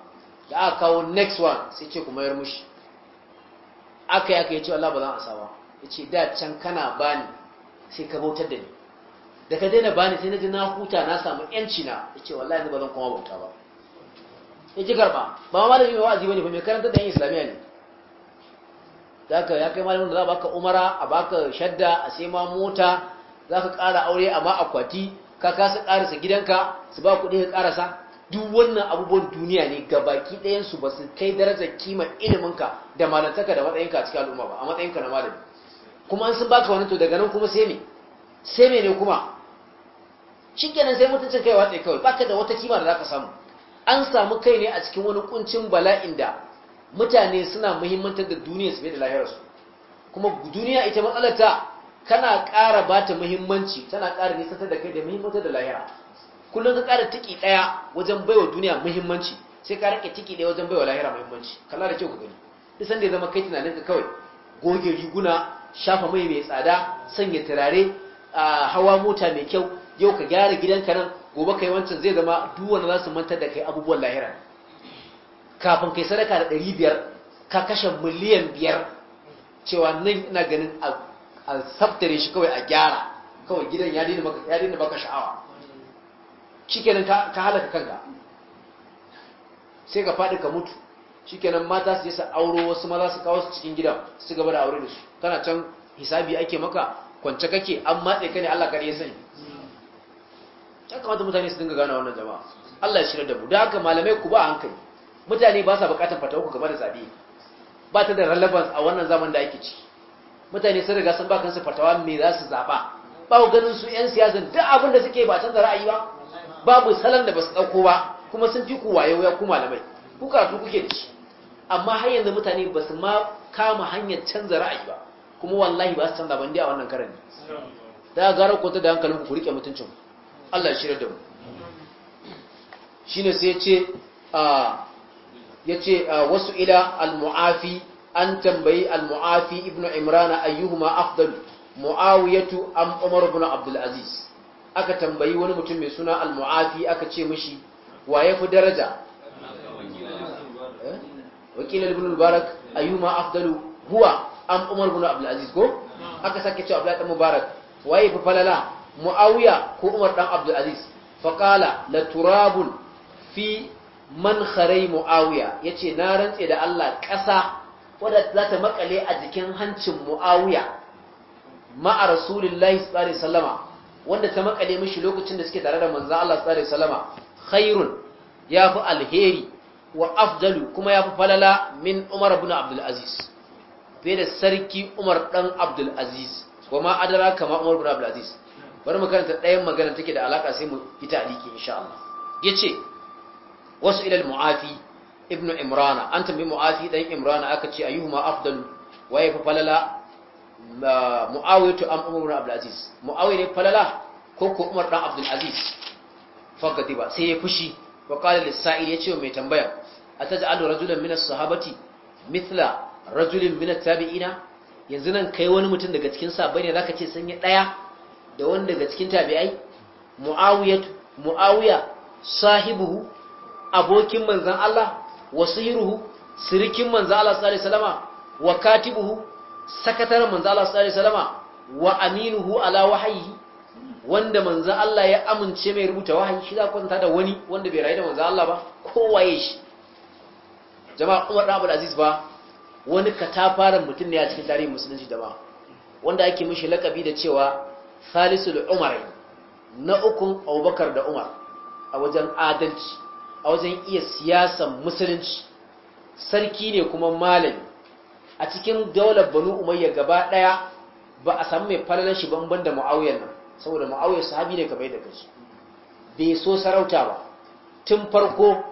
da aka kawo next one sai ce kuma yar mushi aka yi aka yi ce Allah ba zan asa ba ya ce da can kana bani sai ka bautar da ni da ka daina bani sai na ji na huta na samu yanci na ya ce wallahi ni ba zan koma bauta ba ya ji karɓa ba ma da yi wa'azi ne ba mai karanta da yin islamiyya ne za ka ya kai malamin da za a baka umara a baka shadda a sai ma mota za ka ƙara aure a ma akwati ka kasa karasa gidanka su ba kuɗi ka karasa. duk wannan abubuwan duniya ne ga baki ɗayansu ba su kai darajar kima iliminka da malantaka da matsayinka a cikin al'umma ba a matsayinka na malami kuma an sun baka wani to daga nan kuma sai me sai me ne kuma kenan sai mutuncin kai watsa kawai baka da wata kima da ka samu an samu kai ne a cikin wani kuncin bala'in da mutane suna muhimmantar da duniya su bai da lahirarsu kuma duniya ita matsalar ta kana ƙara ba ta muhimmanci tana ƙara nisantar da kai da muhimmantar da lahira kullum ka ƙara tiki ɗaya wajen baiwa duniya muhimmanci sai ka rike tiki ɗaya wajen baiwa lahira muhimmanci kalla da kyau ka gani isan da ya zama kai tunanin ka kawai goge riguna shafa mai mai tsada sanya turare hawa mota mai kyau yau ka gyara gidanka nan gobe kai wancan zai zama duwana za su mantar da kai abubuwan lahira kafin kai sadaka da ɗari biyar ka kashe miliyan biyar cewa nan ina ganin a saftare shi kawai a gyara kawai gidan ya daina baka sha'awa shikenan ka halaka kanka sai ka faɗi ka mutu shikenan mata su yi sa auro wasu maza su kawo su cikin gidan su gaba da aure da su kana can hisabi ake maka kwance kake an matse ka ne Allah kare ya sani ya kamata mutane su dinga gane wannan jama'a Allah ya shirya da mu da haka malamai ku ba hankali mutane ba sa bukatar fata uku gaba da zabe ba ta da relevance a wannan zaman da ake ciki mutane sun riga sun ba kansu fatawa me za su zaba ba ku ganin su yan siyasa duk abin da suke ba canza ra'ayi ba babu salon da ba su dauko ba kuma sun fi ku wayo ya ku malamai ku karatu kuke da amma har yanzu mutane ba su ma kama hanyar canza ra'ayi ba kuma wallahi ba su canza ban dai a wannan karan da gara ku ta da hankalin ku rike ku. Allah shirya da mu shine sai yace a yace wasu ila al-mu'afi an tambayi al-mu'afi ibnu imrana ayyuhuma afdal muawiyatu am umar ibn abdul aziz aka tambayi wani mutum mai suna al-mu'afi aka ce mishi waye fi daraja eh? wakil ibn mubarak ayyuma afdalu huwa am umar ibn abdul aziz ko aka sake cewa abdul mubarak waye fi falala muawiya ko umar dan abdul aziz la turabun fi man kharai muawiya ce na rantse da Allah ƙasa wadda za ta makale a jikin hancin muawiya ma'a rasulullahi sallallahu alaihi wanda ta makale mishi lokacin da suke tare da manzo Allah sallallahu alaihi khairun yafi alheri wa afdalu kuma yafi falala min Umar ibn Abdul Aziz fiye da sarki Umar dan Abdul Aziz kuma adara kama Umar ibn Abdul Aziz bari makaranta ɗayan magana take da alaka sai mu yi aliki insha Allah yace wasu ilal mu'afi ibnu imrana an tambayi mu'afi dan imrana aka ce ayyuhuma afdal waye fa falala mu'awiyatu am umar abdul aziz mu'awiya ne falala ko ko umar dan abdul aziz fa ba sai ya fushi wa qala lis-sa'il yace mai tambaya ataj'alu rajulan min as-sahabati mithla rajulin min tabiina yanzu nan kai wani mutum daga cikin sahabbai ne zaka ce sanya daya da wani daga cikin tabi'ai mu'awiyatu mu'awiya sahibuhu abokin manzan Allah wa sihiruhu sirikin manzan Allah sallallahu alaihi wasallama wa katibuhu sakataren manzan Allah sallallahu alaihi wasallama wa aminuhu ala wahyi wanda manzan Allah ya amince mai rubuta wahyi shi za ku da wani wanda bai rayu da manzan Allah ba kowaye shi jama'a Umar ibn Abdul Aziz ba wani katafaren mutum ne a cikin tarihin musulunci jama'a wanda ake mishi lakabi da cewa salisul Umarai na ukun abubakar da umar a wajen adalci a wajen iya siyasan musulunci sarki ne kuma malami a cikin daular banu umayya gaba daya ba a samu mai falalar shi banban da mu'awiyar nan saboda mu'awiyar sahabi ne kamar da kaji bai so sarauta ba tun farko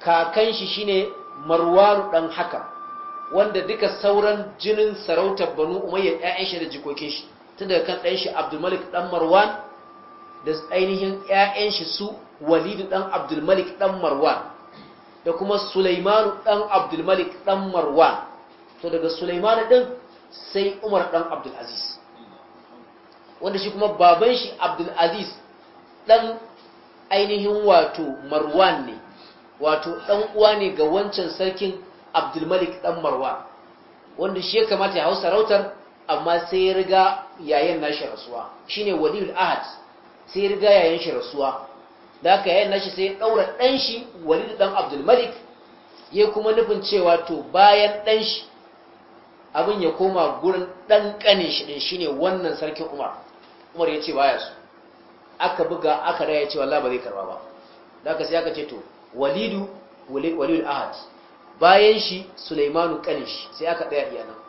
kakan shi shine marwaru dan haka wanda duka sauran jinin sarautar banu umayya ƴaƴan shi da jikokin shi tun daga kan ɗanshi abdulmalik ɗan marwan da ainihin 'ya'yan shi su walidu ɗan abdulmalik ɗan marwan da kuma sulaimanu ɗan abdulmalik ɗan marwan to daga sulaimanu ɗin sai umar ɗan abdulaziz wanda shi kuma baban shi abdulaziz ɗan ainihin wato marwan ne wato ɗan uwa ne ga wancan sarkin abdulmalik ɗan marwan wanda shi ya kamata ya hau sarautar amma sai ya riga yayin nashi rasuwa shine waliyul ahad sai riga yayin shi rasuwa da aka yayin nashi sai ya daura dan shi walid dan abdul malik ya kuma nufin cewa to bayan dan shi abin ya koma gurin dan kanin shi din shine wannan sarkin umar umar ya ce baya su aka buga aka raya cewa Allah ba zai karba ba da aka sai aka ce to walidu waliyul ahad bayan shi sulaimanu kanin shi sai aka tsaya iyanan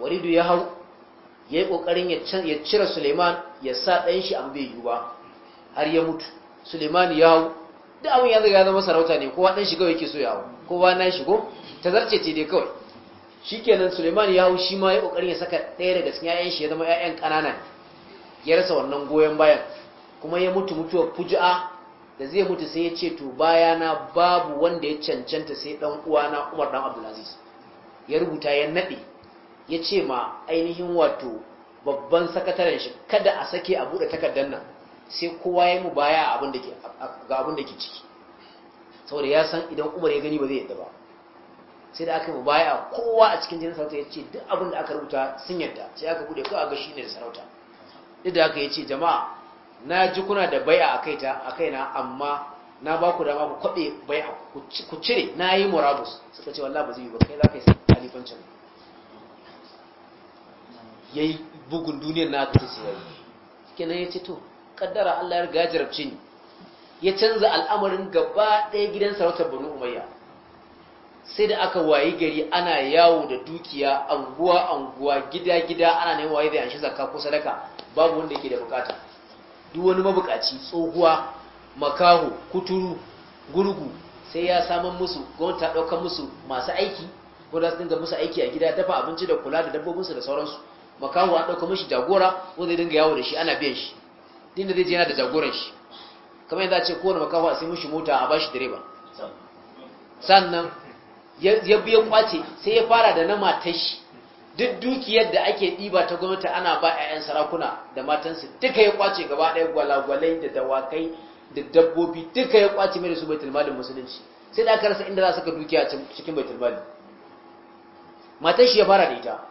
walidu ya hau ya yi ƙoƙarin ya cire suleiman ya sa ɗan shi an bai ba? har ya mutu suleiman ya hau da abin ya zaga zama sarauta ne kowa ɗan shiga yake so ya hau kowa na shigo ta zarce ce dai kawai shi kenan suleiman ya hau shi ma ya ƙoƙarin ya saka ɗaya daga cikin 'ya'yan shi ya zama 'ya'yan ƙanana ya rasa wannan goyon bayan kuma ya mutu mutuwar fuji'a da zai mutu sai ya ce to baya na babu wanda ya cancanta sai dan uwana Umar ɗan Abdulaziz ya rubuta ya naɗe ya ce ma ainihin wato babban sakataren shi kada a sake a buɗe takardar nan sai kowa ya mu baya ga abin da ke ciki saboda ya san idan umar ya gani ba zai yadda ba sai da aka mu baya kowa a cikin jinin sarauta ya ce duk abin da aka rubuta sun yadda sai aka buɗe kawai ga shi ne da sarauta duk da aka ya ce jama'a na ji kuna da bai a ta a na amma na ba ku dama ku kwaɓe bai'a ku cire na yi murabus suka ce wallah ba zai yi ba kai za ka yi alifancin ya yi bugun duniyar na ta sai yayi ya ce to kaddara Allah ya riga ya ni ya canza al'amarin gaba ɗaya gidan sarautar Banu Umayya sai da aka wayi gari ana yawo da dukiya anguwa anguwa gida gida ana neman waye da yanshi zakka ko sadaka babu wanda yake da bukata duk wani mabukaci tsohuwa makaho kuturu gurgu sai ya saman musu gwamnati ta ɗaukar musu masu aiki ko da su dinga musu aiki a gida dafa abinci da kula da dabbobinsu da sauransu makawo an ɗauka mashi jagora wanda zai dinga yawo da shi ana biyan shi din da zai je yana da jagoran shi kamar yadda ce kowane makawo a sai mashi mota a bashi direba sannan ya biya kwace sai ya fara da na matan shi duk dukiyar da ake ɗiba ta gwamnati ana ba 'ya'yan sarakuna da matansu duka ya kwace gaba ɗaya gwalagwalai da dawakai da dabbobi duka ya kwace mai da su baitul malin musulunci sai da aka rasa inda za su ka dukiya cikin baitul malin Matan shi ya fara da ita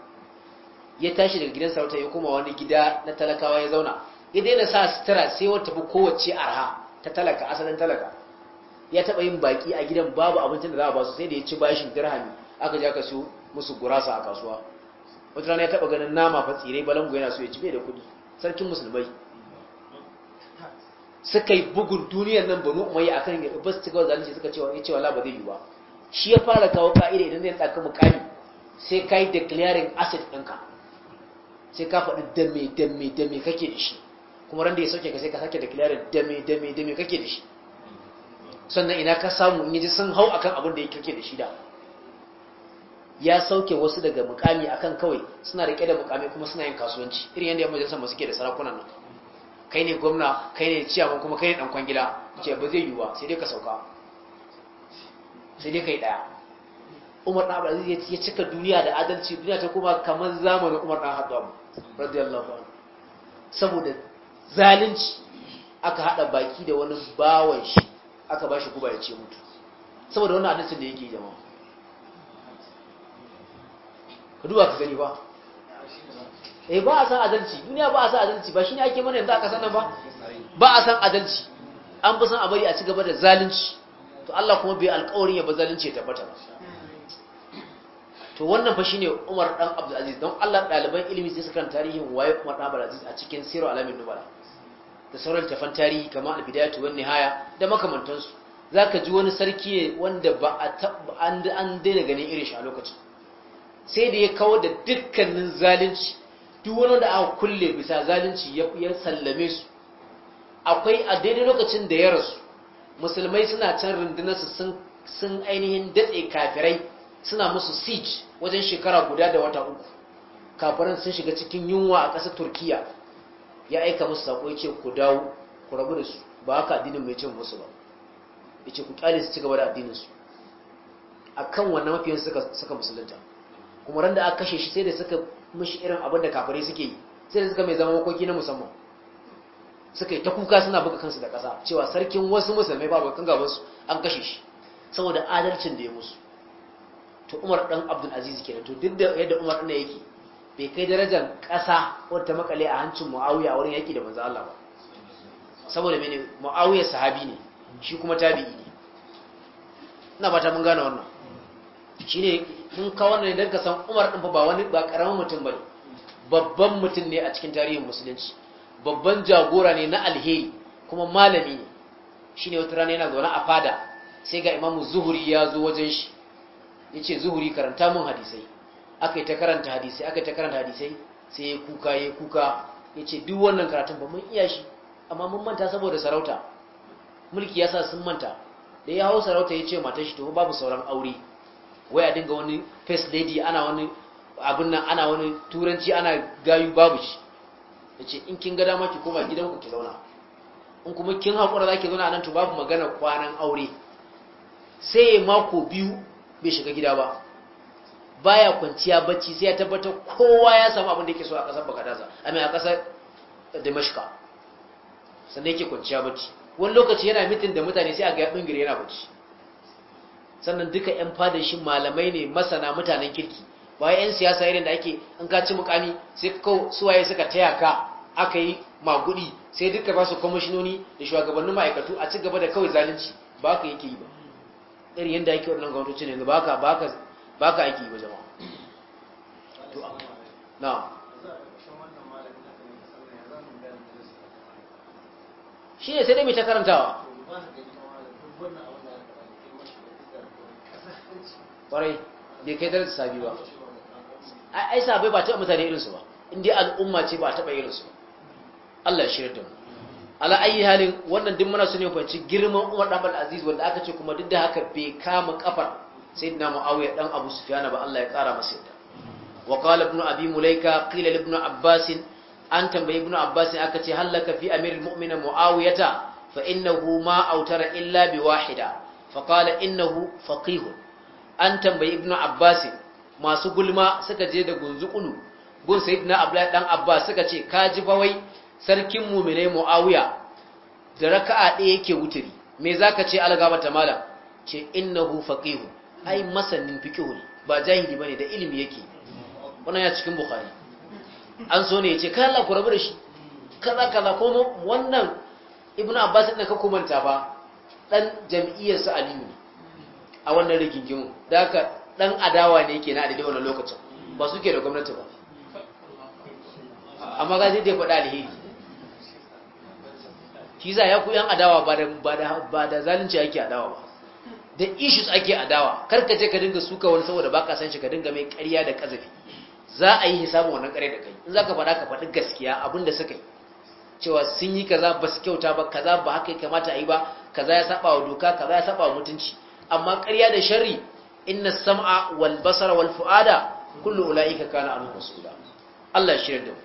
ya tashi daga gidan sarauta ya koma wani gida na talakawa ya zauna ya daina sa sutura sai wata bi kowace arha ta talaka asalin talaka ya taba yin baki a gidan babu abincin da za a ba su sai da ya ci bashin dirhami aka ja aka so musu gurasa a kasuwa wata rana ya taba ganin nama fa tsirai balangu yana so ya ci bai da kuɗi sarkin musulmai suka yi bugun duniyar nan banu umayya akan ya ba su gaba zalunci suka cewa ya cewa la ba zai yi ba shi ya fara kawo ka'ida idan zai tsaka mukami sai kai declaring asset ɗinka sai ka faɗi dame dame dame kake da shi kuma ran da ya sauke ka sai ka sake da kilarin dame dame dame kake da shi sannan ina ka samu in yaji sun hau akan abin da ya kake da shi da ya sauke wasu daga mukami akan kawai suna rike da mukami kuma suna yin kasuwanci irin yadda yan majalisar masu ke da sarakunan nan kai ne gwamna kai ne ciyaman kuma kai ne dan kwangila ce ba zai yiwu sai dai ka sauka sai dai kai daya Umar ɗan Abdulaziz ya cika duniya da adalci duniya ta kuma kamar zamanin Umar ɗan Haddam radiyallahu anhu saboda zalunci aka haɗa baki da wani bawan shi aka ba shi guba ya ce mutu saboda wani adalcin da yake jama'a ka duba ka gani ba eh ba a san adalci duniya ba a san adalci ba shi ne ake mana yanzu aka sanar ba ba a san adalci an fi san a bari a ci gaba da zalunci to Allah kuma bai alƙawarin ya ba zalunci ya tabbata ba to wannan fa ne Umar dan Abdul Aziz don Allah ɗaliban ilimi sai sukan tarihin waye Umar dan Abdul Aziz a cikin siro amin Nubala da sauran tafan tarihi kama Al-Bidayatu wan Nihaya da makamantansu zaka ji wani sarki wanda ba a an an daina ganin irin shi a lokacin sai da ya kawo da dukkanin zalunci duk wani da aka kulle bisa zalunci ya sallame su akwai a daidai lokacin da ya rasu musulmai suna can rundunarsu sun ainihin datse kafirai suna musu siege wajen shekara guda da wata uku kafirin sun shiga cikin yunwa a ƙasar turkiya ya aika musu sako yake ce ku dawo ku rabu da su ba haka addinin mai cin musu ba ya ce ku kyale su ci gaba da su. a kan wannan mafiyan suka musulunta kuma ran da aka kashe shi sai da suka mishi irin abin da kafirai suke yi sai da suka mai zama makoki na musamman suka yi ta kuka suna buga kansu da ƙasa cewa sarkin wasu musulmai ba bakan gabansu an kashe shi saboda adalcin da ya musu to Umar dan Abdul Aziz kenan to duk da yadda Umar din yake bai kai darajar ƙasa wadda makale a hancin Muawiya a wurin yaki da manzo Allah ba saboda mene Muawiya sahabi ne shi kuma tabi'i ne ina fata mun gane wannan shine mun ka wannan idan ka san Umar dan fa ba wani ba ƙaramin mutum bane babban mutum ne a cikin tarihin musulunci babban jagora ne na alheri kuma malami ne shine wata rana yana zaune a fada sai ga Imam Zuhuri ya zo wajen shi yace zuhuri karanta mun hadisai akai ta karanta hadisai akai ta karanta hadisai sai ya kuka ya kuka yace duk wannan karatun ba mun iya shi amma mun manta saboda sarauta mulki yasa sun manta da ya hau sarauta yace matar shi to babu sauran aure waya dinga wani first lady ana wani abin nan ana wani turanci ana gayu babu shi yace in kin ga dama ki koma gidanku ki zauna in kuma kin haƙura za ki zauna nan to babu magana kwanan aure sai mako biyu bai shiga gida ba baya kwanciya bacci sai ya tabbatar kowa ya samu abin da yake so a kasar bakadaza a mai a kasar Damashka sannan yake kwanciya bacci wani lokaci yana mitin da mutane sai a ga dingire yana bacci sannan duka yan fadin shi malamai ne masana mutanen kirki ba yan siyasa irin da ake in ka ci mukami sai ko suwaye suka taya ka aka yi magudi sai duka ba su kwamishinoni da shugabannin ma'aikatu a ci gaba da kawai zalunci ba ka yake yi ba irin yadda ake wannan gwamnatocin yanzu ba ka ba ka aiki ba jama'a na shi ne sai dai mai ta karantawa ƙwarai bai kai darasa sabi ba ai sabai ba taɓa mutane irinsu ba inda al'umma ce ba taɓa irinsu Allah shirya da mu ala ayi halin wannan duk muna sunan fahimci girman Umar dan Abdul Aziz wanda aka ce kuma duk da haka bai kama kafar sayyidina Muawiya dan Abu Sufyan ba Allah ya kara masa yadda wa qala ibn abi mulaika qila li ibn abbas an tambayi ibn abbas aka ce halaka fi amiril mu'minin muawiyata fa innahu ma autara illa bi wahida fa qala innahu faqih an tambayi ibn abbas masu gulma suka je da gunzukulu gun sayyidina abdullahi dan abbas suka ce kaji wai. sarkin muminai muawiya da raka'a ɗaya yake wuturi me zaka ce algaba ta malam ce innahu faqihu ai masanin fiqhu ba jahili bane da ilimi yake wannan ya cikin bukhari an so ne ya ce kai Allah ku rabu da shi kaza kaza ko wannan ibnu abbas din ka kumanta ba? dan jam'iyyar sa aliyu a wannan rigingimu da haka dan adawa ne yake na a wannan lokacin ba suke da gwamnati ba amma ga zai dai faɗa alheri shi za ya yan adawa ba da zalunci ake adawa ba da issues ake adawa karkace ka dinga suka wani saboda ba ka san shi ka dinga mai karya da kazafi za a yi hisabin wannan karya da kai in za ka faɗa ka faɗi gaskiya abinda da suka yi cewa sun yi kaza ba su kyauta ba kaza ba haka ya kamata a yi ba kaza ya saba wa doka kaza ya saba wa mutunci amma karya da sharri inna sam'a wal basara wal fu'ada kullu ulaika kana anhu mas'ula Allah ya shirya da mu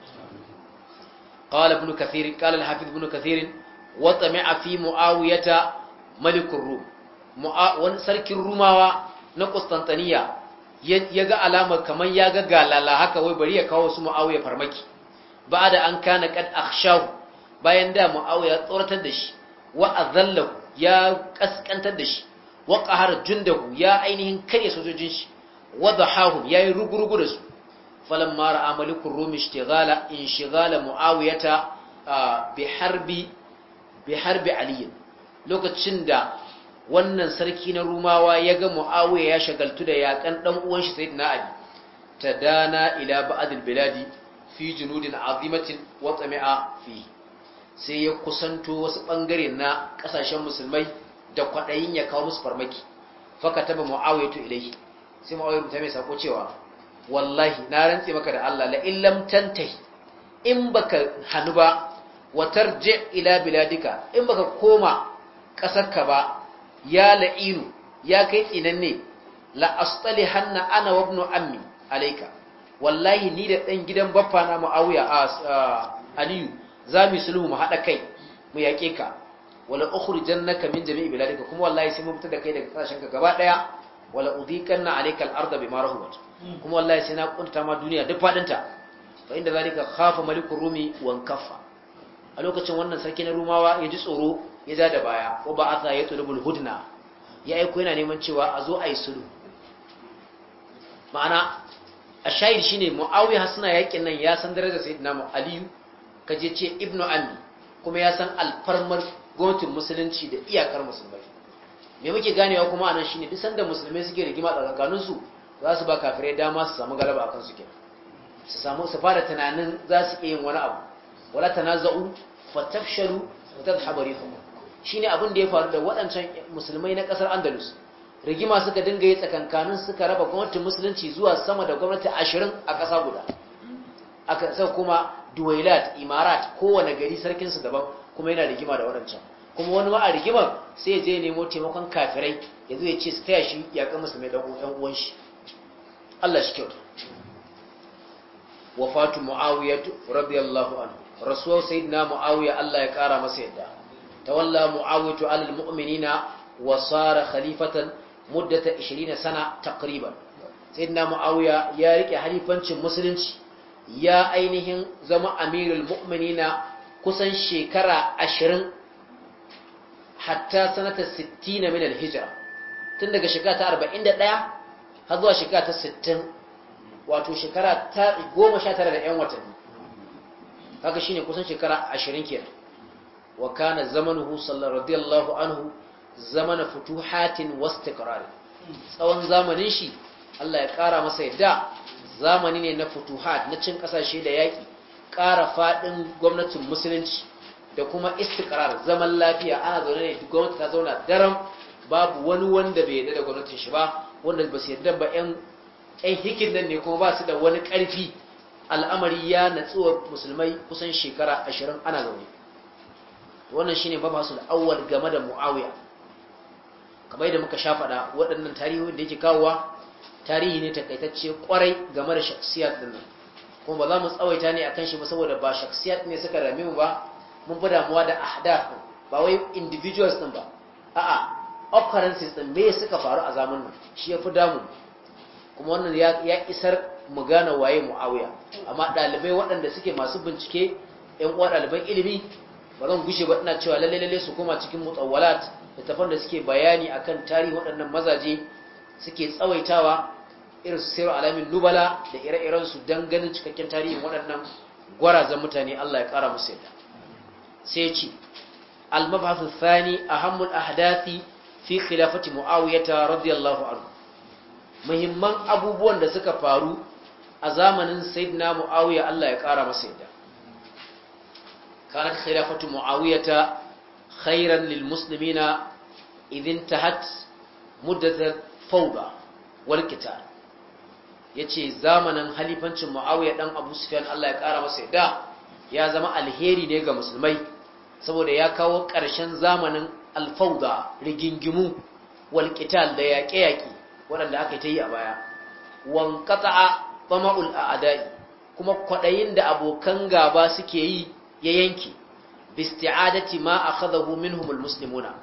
qala ibn kathir qala al-hafiz ibn kathir wa tsami'a fi mu'awiyata malikun rum wani sarkin rumawa na Kustantaniya ya ga alamar kamar ya ga galala haka wai bari ya kawo su mu'awiyar farmaki ba da an kana kad akhshahu bayan da mu'awiyar tsoratar da shi wa azallahu ya kaskantar da shi wa qahar jundahu ya ainihin kare sojojin shi wa ya yi rugurugu da su falamma ra'a malikul rum ishtighala inshighala mu'awiyata ah, bi harbi bi harbi ali lokacin da wannan sarki na rumawa ya ga muawiya ya shagaltu da yakan dan uwan shi sayyidina ali tadana ila ba'd biladi fi junudin azimatin wa tami'a fi sai ya kusanto wasu bangare na kasashen musulmai da kwadayin ya kawo musu farmaki faka taba muawiya to ilai sai muawiya ta mai sako cewa wallahi na rantse maka da Allah la illam tantahi in baka hanu ba wa tarji ila biladika in baka koma kasarka ba ya la'inu ya kai tsinanne la hanna ana wa ammi alayka wallahi ni da dan gidan baffa na muawiya aliyu zami sulhu mu hada kai mu yake ka wala ukhrijannaka min jami'i biladika kuma wallahi sai mu da kai daga kasashen ka gaba daya wala udikanna alayka al-ardha bima rahabat kuma wallahi sai na kunta ma duniya duk fadinta fa inda zalika khafa malikur rumi kaffa a lokacin wannan sarki na rumawa ya ji tsoro ya ja da baya ko ba aka ya tsoro bulhudna ya aiko yana neman cewa a zo a yi sulhu ma'ana a shahid shine ma'awi hasuna yaƙin nan ya san darajar sayyidina aliyu kaje ce ibnu Ami, kuma ya san alfarmar gwamnatin musulunci da iyakar musulmai me muke ganewa kuma anan ne? duk sanda musulmai suke rigima tsakanin su za su ba kafirai dama su samu galaba a kenan su samu tunanin za su iya yin wani abu wala tanaza'u fatafshalu wa tadhhabu shine abin da ya faru da waɗancan musulmai na ƙasar Andalus rigima suka dinga yi tsakankanin suka raba gwamnatin musulunci zuwa sama da gwamnati 20 a ƙasa guda aka sai kuma duwailat imarat kowane gari sarkin su daban kuma yana rigima da waɗancan kuma wani ma a rigimar sai ya je nemo taimakon kafirai ya zo ya ce su taya shi ya kan musulmai dan uwan shi Allah shi kyauta wafatu muawiyatu radiyallahu anhu rasuwar sayyidina muawiya Allah ya ƙara masa yadda ta tawalla muawiyatu Tu'alil mu'minina wa sara khalifatan muddata 20 sana taqriban sayyidina muawiya ya riƙe halifancin musulunci ya ainihin zama amirul mu'minina kusan shekara 20 hatta sanata 60 na minal hijira, tun daga shekara ta 41 har zuwa shekara ta 60 wato shekara ta 19 da 'yan watanni shi shine kusan shekara 20 kenan wa kana zamanuhu sallallahu radiyallahu anhu zamana futuhatin wastiqrar tsawon zamanin shi Allah ya kara masa yadda zamani ne na futuhat na cin kasashe da yaki kara fadin gwamnatin musulunci da kuma istiqrar zaman lafiya ana zaune ne gwamnati ta zauna daram babu wani wanda bai yarda da gwamnatin shi ba wanda ba su yarda ba yan yan hikin nan ne kuma ba su da wani karfi al'amari ya natsuwar musulmai kusan shekara ashirin ana zaune wannan shine ba masu awwal game da muawiya kamar yadda muka sha faɗa waɗannan tarihi da yake kawowa tarihi ne takaitacce kwarai game da shaksiyar din nan kuma ba za mu tsawaita ne akan shi ba saboda ba shaksiyar ne suka rame mu ba mun fi damuwa da ahdaf ba wai individuals din ba a'a occurrences din me suka faru a zamanin nan shi ya fi damu kuma wannan ya isar mu gane waye muawiya amma dalibai waɗanda suke masu bincike yan uwa dalibai ilimi ba zan gushe ba ina cewa lalle lalle su koma cikin mutawwalat littafan da suke bayani akan tarihi waɗannan mazaje suke tsawaitawa irin su sayar alamin nubala da ire-iren su don ganin cikakken tarihin waɗannan gwarazan mutane Allah ya kara musu yadda sai ya ce almabafu thani ahammul ahdathi fi khilafati muawiyata radiyallahu anhu muhimman abubuwan da suka faru a zamanin sayyidina muawiya Allah ya ƙara masa yadda kanat khilafatu muawiyata khairan lil muslimina idin tahat muddat fawda wal qital yace zamanin halifancin muawiya dan abu sufyan Allah ya ƙara masa yadda ya zama alheri ne ga musulmai saboda ya kawo ƙarshen zamanin alfauda rigingimu wal qital da yaƙe-yaƙe waɗanda aka yi ta yi a baya wankata'a tama'ul a'da'i kuma kwadayin da abokan gaba suke yi ya yanke bisti'adati ma akhadahu minhumul muslimuna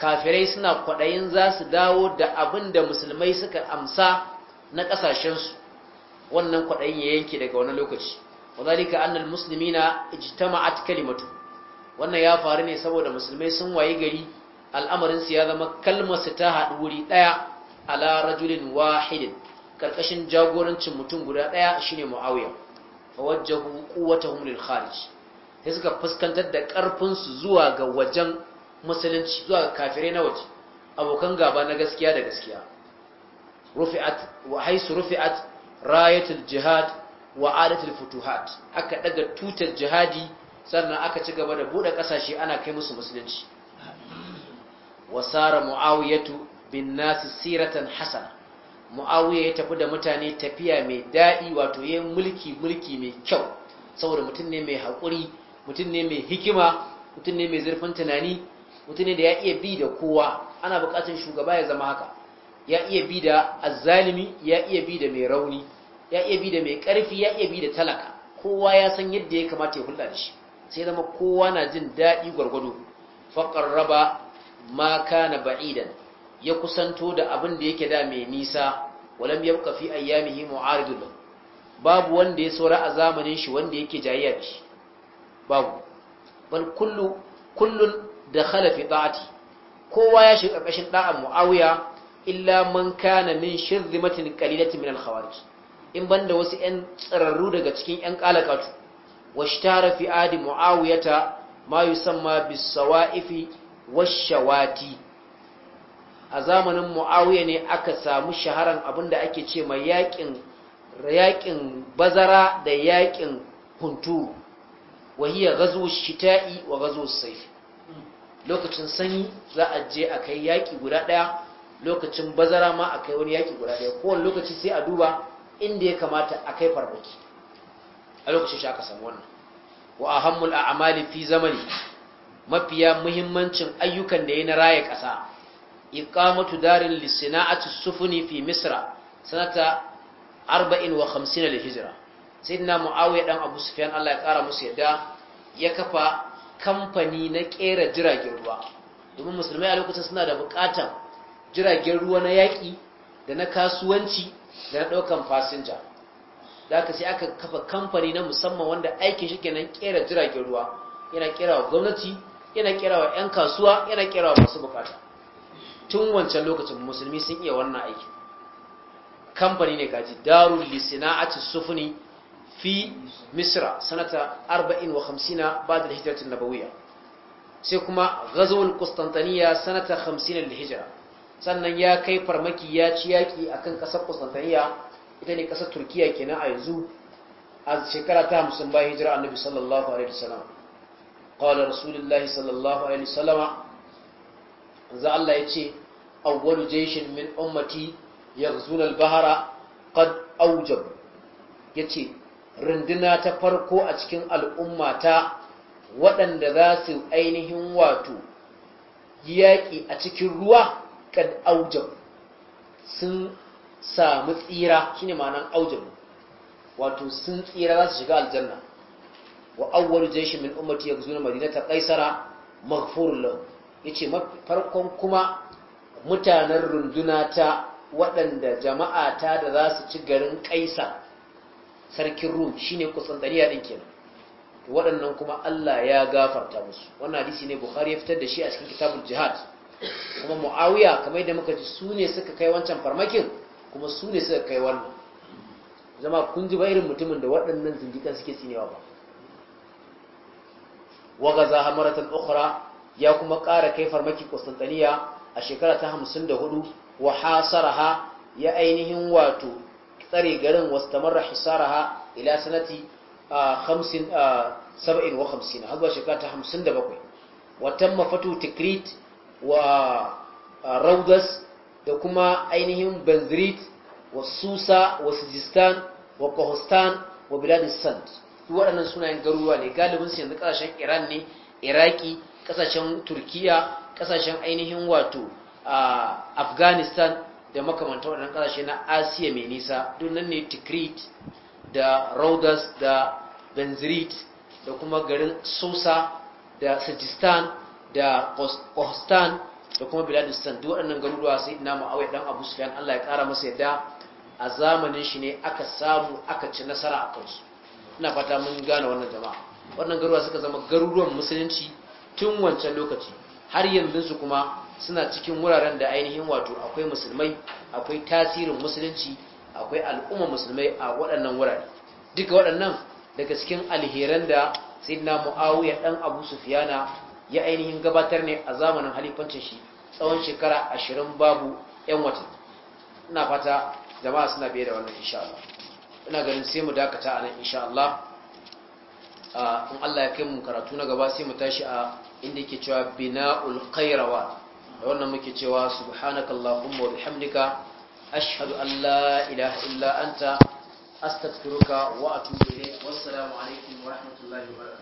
kafirai suna kwadayin za su dawo da abinda da musulmai suka amsa na kasashen su wannan kwadayin ya yanke daga wani lokaci wadhalika annal muslimina ijtama'at kalimatu wannan ya faru ne saboda musulmai sun waye gari al'amarin su ya zama kalmar su ta haɗu wuri ɗaya ala rajulin wahidin karkashin jagorancin mutum guda daya shine muawiya fawajjahu quwwatahum lil kharij sai suka fuskantar da karfin su zuwa ga wajen musulunci zuwa ga kafirai na waje abokan gaba na gaskiya da gaskiya rufi'at wa haythu rufi'at rayatul jihad wa adatul futuhat aka daga tutar jihadi sannan aka ci gaba da bude kasashe ana kai musu musulunci wasara muawiyatu bin nasi siratan hasana mu'awiya ya tafi da mutane tafiya mai daɗi wato yin mulki mulki mai kyau saboda mutum ne mai haƙuri mutum ne mai hikima mutum ne mai zurfin tunani mutum ne da ya iya bi da kowa ana buƙatar shugaba ya zama haka ya iya bi da azzalimi ya iya bi da mai rauni ya iya bi da mai ƙarfi ya iya bi da talaka kowa ya san yadda ya kamata ya hulɗa da shi sai zama kowa na jin daɗi gwargwado faƙar raba ma kana ba'idan ya kusanto da abin da yake da mai nisa walam yabqa fi ayyamihi mu'aridun babu wanda ya saura a zamanin shi wanda yake jayayya da shi babu bal kullu kullun dakhala fi ta'ati kowa ya shiga kashin da'an muawiya illa man kana min shirzimatin qalilatin min al-khawarij in banda wasu 'yan tsararru daga cikin 'yan kalakatu washtara fi adi muawiyata ma yusamma bis-sawa'ifi wash-shawati a zamanin muawiya ne aka samu shaharan abinda ake ce mai yakin yakin bazara da yakin hunturu wahiya gazo shita'i wa gazo saifi lokacin sanyi za a je a kai yaki guda daya lokacin bazara ma a kai wani yaki guda daya kowane lokaci sai a duba inda ya kamata a kai farbaki a lokacin shi aka samu wannan wa ahammul a'mali fi zamani mafiya muhimmancin ayyukan da ya na raya ƙasa iqamatu darin lisana'ati sufuni fi misra sanata 54 lil hijra sayyidina muawiya dan abu sufyan Allah ya kara musu yadda ya kafa kamfani na kera jiragen ruwa domin musulmai a lokacin suna da bukatan jiragen ruwa na yaki da na kasuwanci da na ɗaukan fasinja da aka sai aka kafa kamfani na musamman wanda aikin shi kenan kera jiragen ruwa yana kera wa gwamnati yana kera wa 'yan kasuwa yana kera wa masu bukata tun wancan lokacin musulmi sun iya wannan aikin. kamfani ne kaji lissina lisina'ati sufuni fi misra sanata 54 ba'da hijrat an-nabawiyya sai kuma ghazwul Kustantaniya sanata 50 lil-hijra sannan ya kai farmaki ya ci a kan ƙasar Kustantaniya. ita ne ƙasar turkiya kenan a yanzu a shekara ta hamsin bayan hijira annabi sallallahu alaihi wasallam qala rasulullahi sallallahu alaihi wasallama manzo Allah ya ce awwalu jeshin min ummati yaghzuna al-bahra qad awjab yace rinduna ta farko a cikin al'ummata, waɗanda za su ainihin wato yaƙi a cikin ruwa kad aujab sun samu tsira ne ma'anan aujab wato sun tsira za su shiga aljanna wa awwalu jayshin min ummati yaghzuna ta qaisara maghfurun lahu yace farkon kuma mutanen runduna ta waɗanda jama'a ta da za su ci garin kaisa sarkin rum shine kusantariya din kenan waɗannan kuma Allah ya gafarta musu wannan hadisi ne Bukhari ya fitar da shi a cikin kitabul jihad kuma Muawiya kamar da muka ji su ne suka kai wancan farmakin kuma su ne suka kai wannan zama kun ji ba irin mutumin da waɗannan zindikan suke tsinewa ba wa gaza hamaratan ukhra ya kuma ƙara kai farmaki Constantinople a shekara ta 54 wa hasaraha ya ainihin wato tsare garin wasu wastamarra hisaraha ila sanati 57 har zuwa shekara ta 57 bakwai watan fatu tikrit wa raudas da kuma ainihin banzirit wa susa wa sijistan wa kohostan wa biladis sand waɗannan sunayen garuruwa ne galibinsu yanzu ƙarshen iran ne iraki kasashen turkiya kasashen ainihin wato afghanistan da makamantar wadannan kasashe na asiya mai nisa don nan ne tikrit da raudas da benzirit da kuma garin sosa da sajistan da Kostan, da kuma biladistan duk waɗannan garuruwa sai ina ma'awai ɗan abu sufiyan allah ya ƙara masa yadda a zamanin shi ne aka samu aka ci nasara a kansu ina fata mun gane wannan jama'a wannan garuruwa suka zama garuruwan musulunci tun wancan lokaci har yanzu su kuma suna cikin wuraren da ainihin wato akwai musulmai akwai tasirin musulunci akwai al'umma musulmai a waɗannan wurare duka waɗannan daga cikin alheran da na muawiya ɗan abu Sufiyana, ya ainihin gabatar ne a zamanin halifancin shi tsawon shekara ashirin babu yan watan ina fata jama'a suna biye da wannan insha ina ganin sai mu dakata a nan insha in Allah ya kai mu karatu na gaba sai mu tashi a inda yake cewa bina'ul qairawa da wannan muke cewa subhanakallahumma wa bihamdika ashhadu an la ilaha illa anta astaghfiruka wa atubu ilayk wassalamu alaikum wa rahmatullahi wa barakatuh